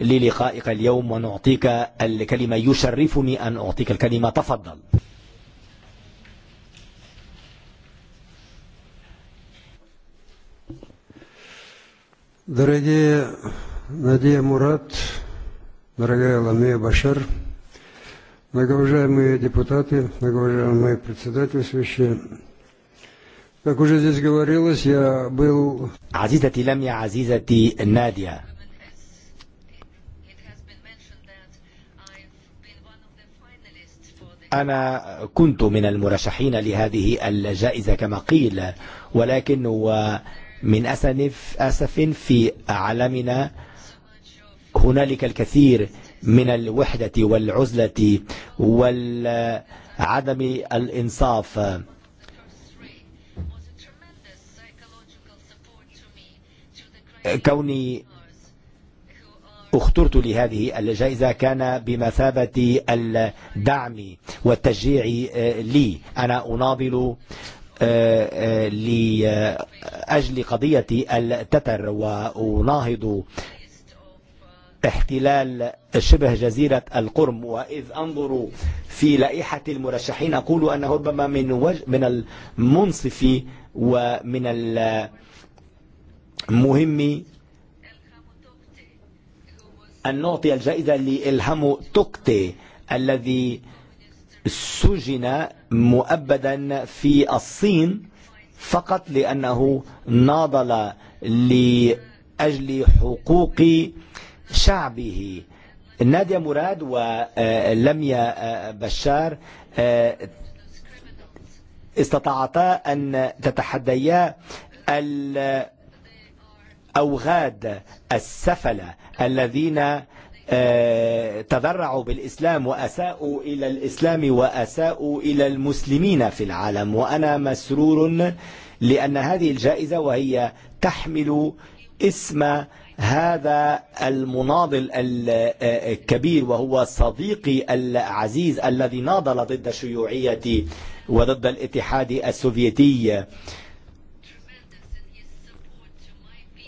للقائك اليوم ونعطيك الكلمة يشرفني أن أعطيك الكلمة تفضل Дорогие Надия Мурат, дорогая Ламия Башар, многоуважаемые депутаты, многоуважаемые председательствующие, как уже здесь говорилось, я был... عزيزتي لميا عزيزتي نادية أنا كنت من المرشحين لهذه الجائزة كما قيل ولكن من أسف, أسف في عالمنا هنالك الكثير من الوحدة والعزلة وعدم الإنصاف كوني اخترت لهذه الجائزة كان بمثابة الدعم والتشجيع لي أنا أناضل لأجل قضية التتر وناهض احتلال شبه جزيرة القرم وإذ أنظر في لائحة المرشحين أقول أنه ربما من, وج... من المنصف ومن المهم أن نعطي الجائزة لإلهام توكتي الذي سجن مؤبدا في الصين فقط لأنه ناضل لأجل حقوق شعبه نادية مراد ولميا بشار استطاعتا أن تتحديا الأوغاد السفلة الذين تذرعوا بالإسلام وأساءوا إلى الإسلام وأساءوا إلى المسلمين في العالم وأنا مسرور لأن هذه الجائزة وهي تحمل اسم هذا المناضل الكبير وهو صديقي العزيز الذي ناضل ضد الشيوعية وضد الاتحاد السوفيتي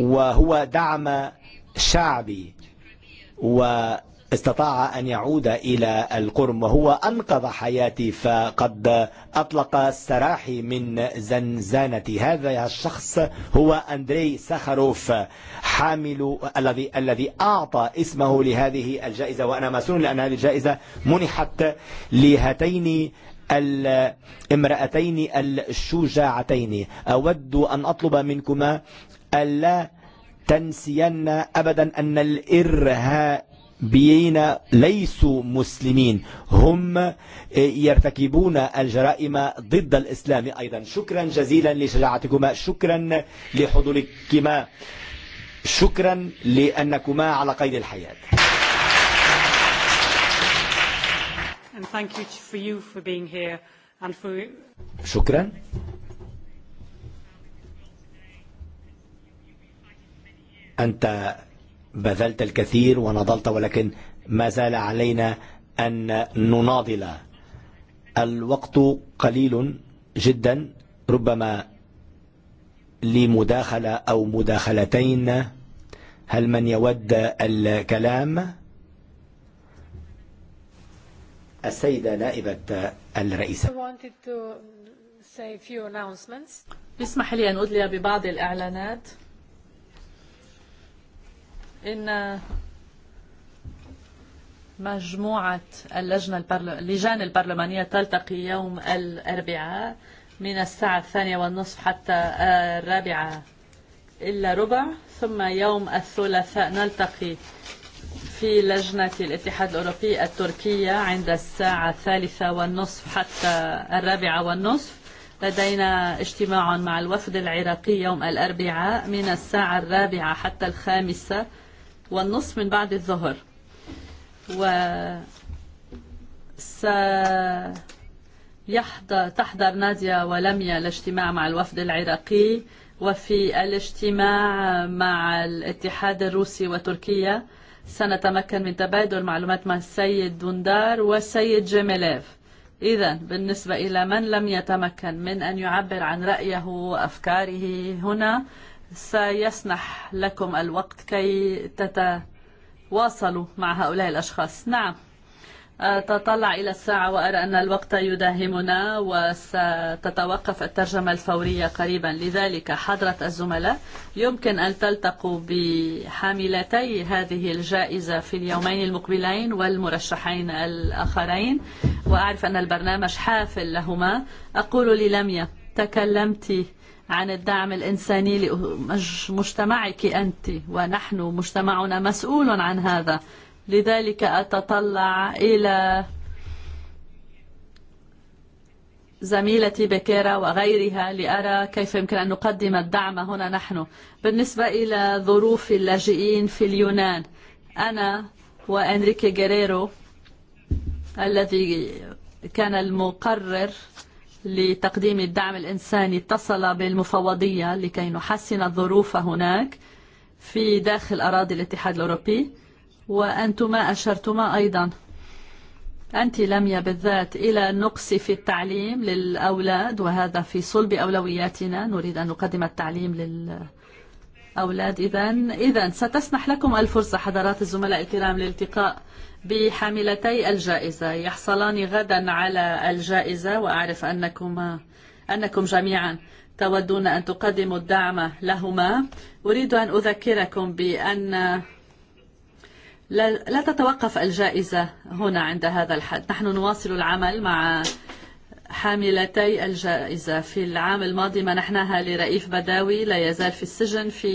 وهو دعم شعبي واستطاع أن يعود إلى القرم وهو أنقذ حياتي فقد أطلق سراحي من زنزانة هذا الشخص هو أندري سخروف حامل الذي الذي أعطى اسمه لهذه الجائزة وأنا مسؤول لأن هذه الجائزة منحت لهاتين الامرأتين الشجاعتين أود أن أطلب منكما ألا تنسين أبدا أن الإرهابيين ليسوا مسلمين هم يرتكبون الجرائم ضد الإسلام أيضا شكرا جزيلا لشجاعتكما شكرا لحضوركما شكرا لأنكما على قيد الحياة شكرا أنت بذلت الكثير ونضلت ولكن ما زال علينا أن نناضل الوقت قليل جدا ربما لمداخلة أو مداخلتين هل من يود الكلام السيدة نائبة الرئيسة اسمح لي أن أدلي ببعض الإعلانات إن مجموعة اللجنة اللجان البرلمانية تلتقي يوم الأربعاء من الساعة الثانية والنصف حتى الرابعة إلا ربع ثم يوم الثلاثاء نلتقي في لجنة الاتحاد الأوروبي التركية عند الساعة الثالثة والنصف حتى الرابعة والنصف لدينا اجتماع مع الوفد العراقي يوم الأربعاء من الساعة الرابعة حتى الخامسة والنصف من بعد الظهر و تحضر نادية ولميا الاجتماع مع الوفد العراقي وفي الاجتماع مع الاتحاد الروسي وتركيا سنتمكن من تبادل معلومات مع السيد دوندار والسيد جيميليف إذا بالنسبة إلى من لم يتمكن من أن يعبر عن رأيه وأفكاره هنا سيسنح لكم الوقت كي تتواصلوا مع هؤلاء الأشخاص نعم تطلع إلى الساعة وأرى أن الوقت يداهمنا وستتوقف الترجمة الفورية قريبا لذلك حضرة الزملاء يمكن أن تلتقوا بحاملتي هذه الجائزة في اليومين المقبلين والمرشحين الآخرين وأعرف أن البرنامج حافل لهما أقول للميا تكلمتي عن الدعم الإنساني لمجتمعك أنت ونحن مجتمعنا مسؤول عن هذا لذلك أتطلع إلى زميلتي بكيرا وغيرها لأرى كيف يمكن أن نقدم الدعم هنا نحن بالنسبة إلى ظروف اللاجئين في اليونان أنا وإنريكي جيريرو الذي كان المقرر لتقديم الدعم الإنساني اتصل بالمفوضية لكي نحسن الظروف هناك في داخل أراضي الاتحاد الأوروبي وأنتما أشرتما أيضا أنت لميا بالذات إلى نقص في التعليم للأولاد وهذا في صلب أولوياتنا نريد أن نقدم التعليم للأولاد أولاد إذن إذن ستسمح لكم الفرصة حضرات الزملاء الكرام للالتقاء بحاملتي الجائزة يحصلان غدا على الجائزة وأعرف أنكما أنكم جميعا تودون أن تقدموا الدعم لهما أريد أن أذكركم بأن لا تتوقف الجائزة هنا عند هذا الحد نحن نواصل العمل مع حاملتي الجائزة في العام الماضي منحناها لرئيف بداوي لا يزال في السجن في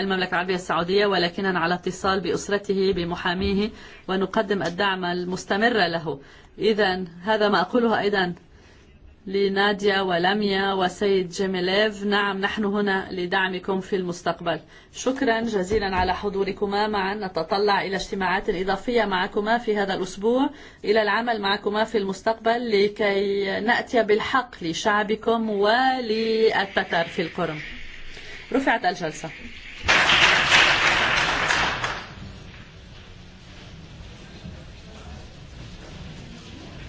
المملكة العربية السعودية ولكن على اتصال بأسرته بمحاميه ونقدم الدعم المستمر له إذا هذا ما أقوله أيضا لناديا ولميا وسيد جميليف نعم نحن هنا لدعمكم في المستقبل شكرا جزيلا على حضوركما معا نتطلع إلى اجتماعات إضافية معكما في هذا الأسبوع إلى العمل معكما في المستقبل لكي نأتي بالحق لشعبكم وللتتر في القرم رفعت الجلسة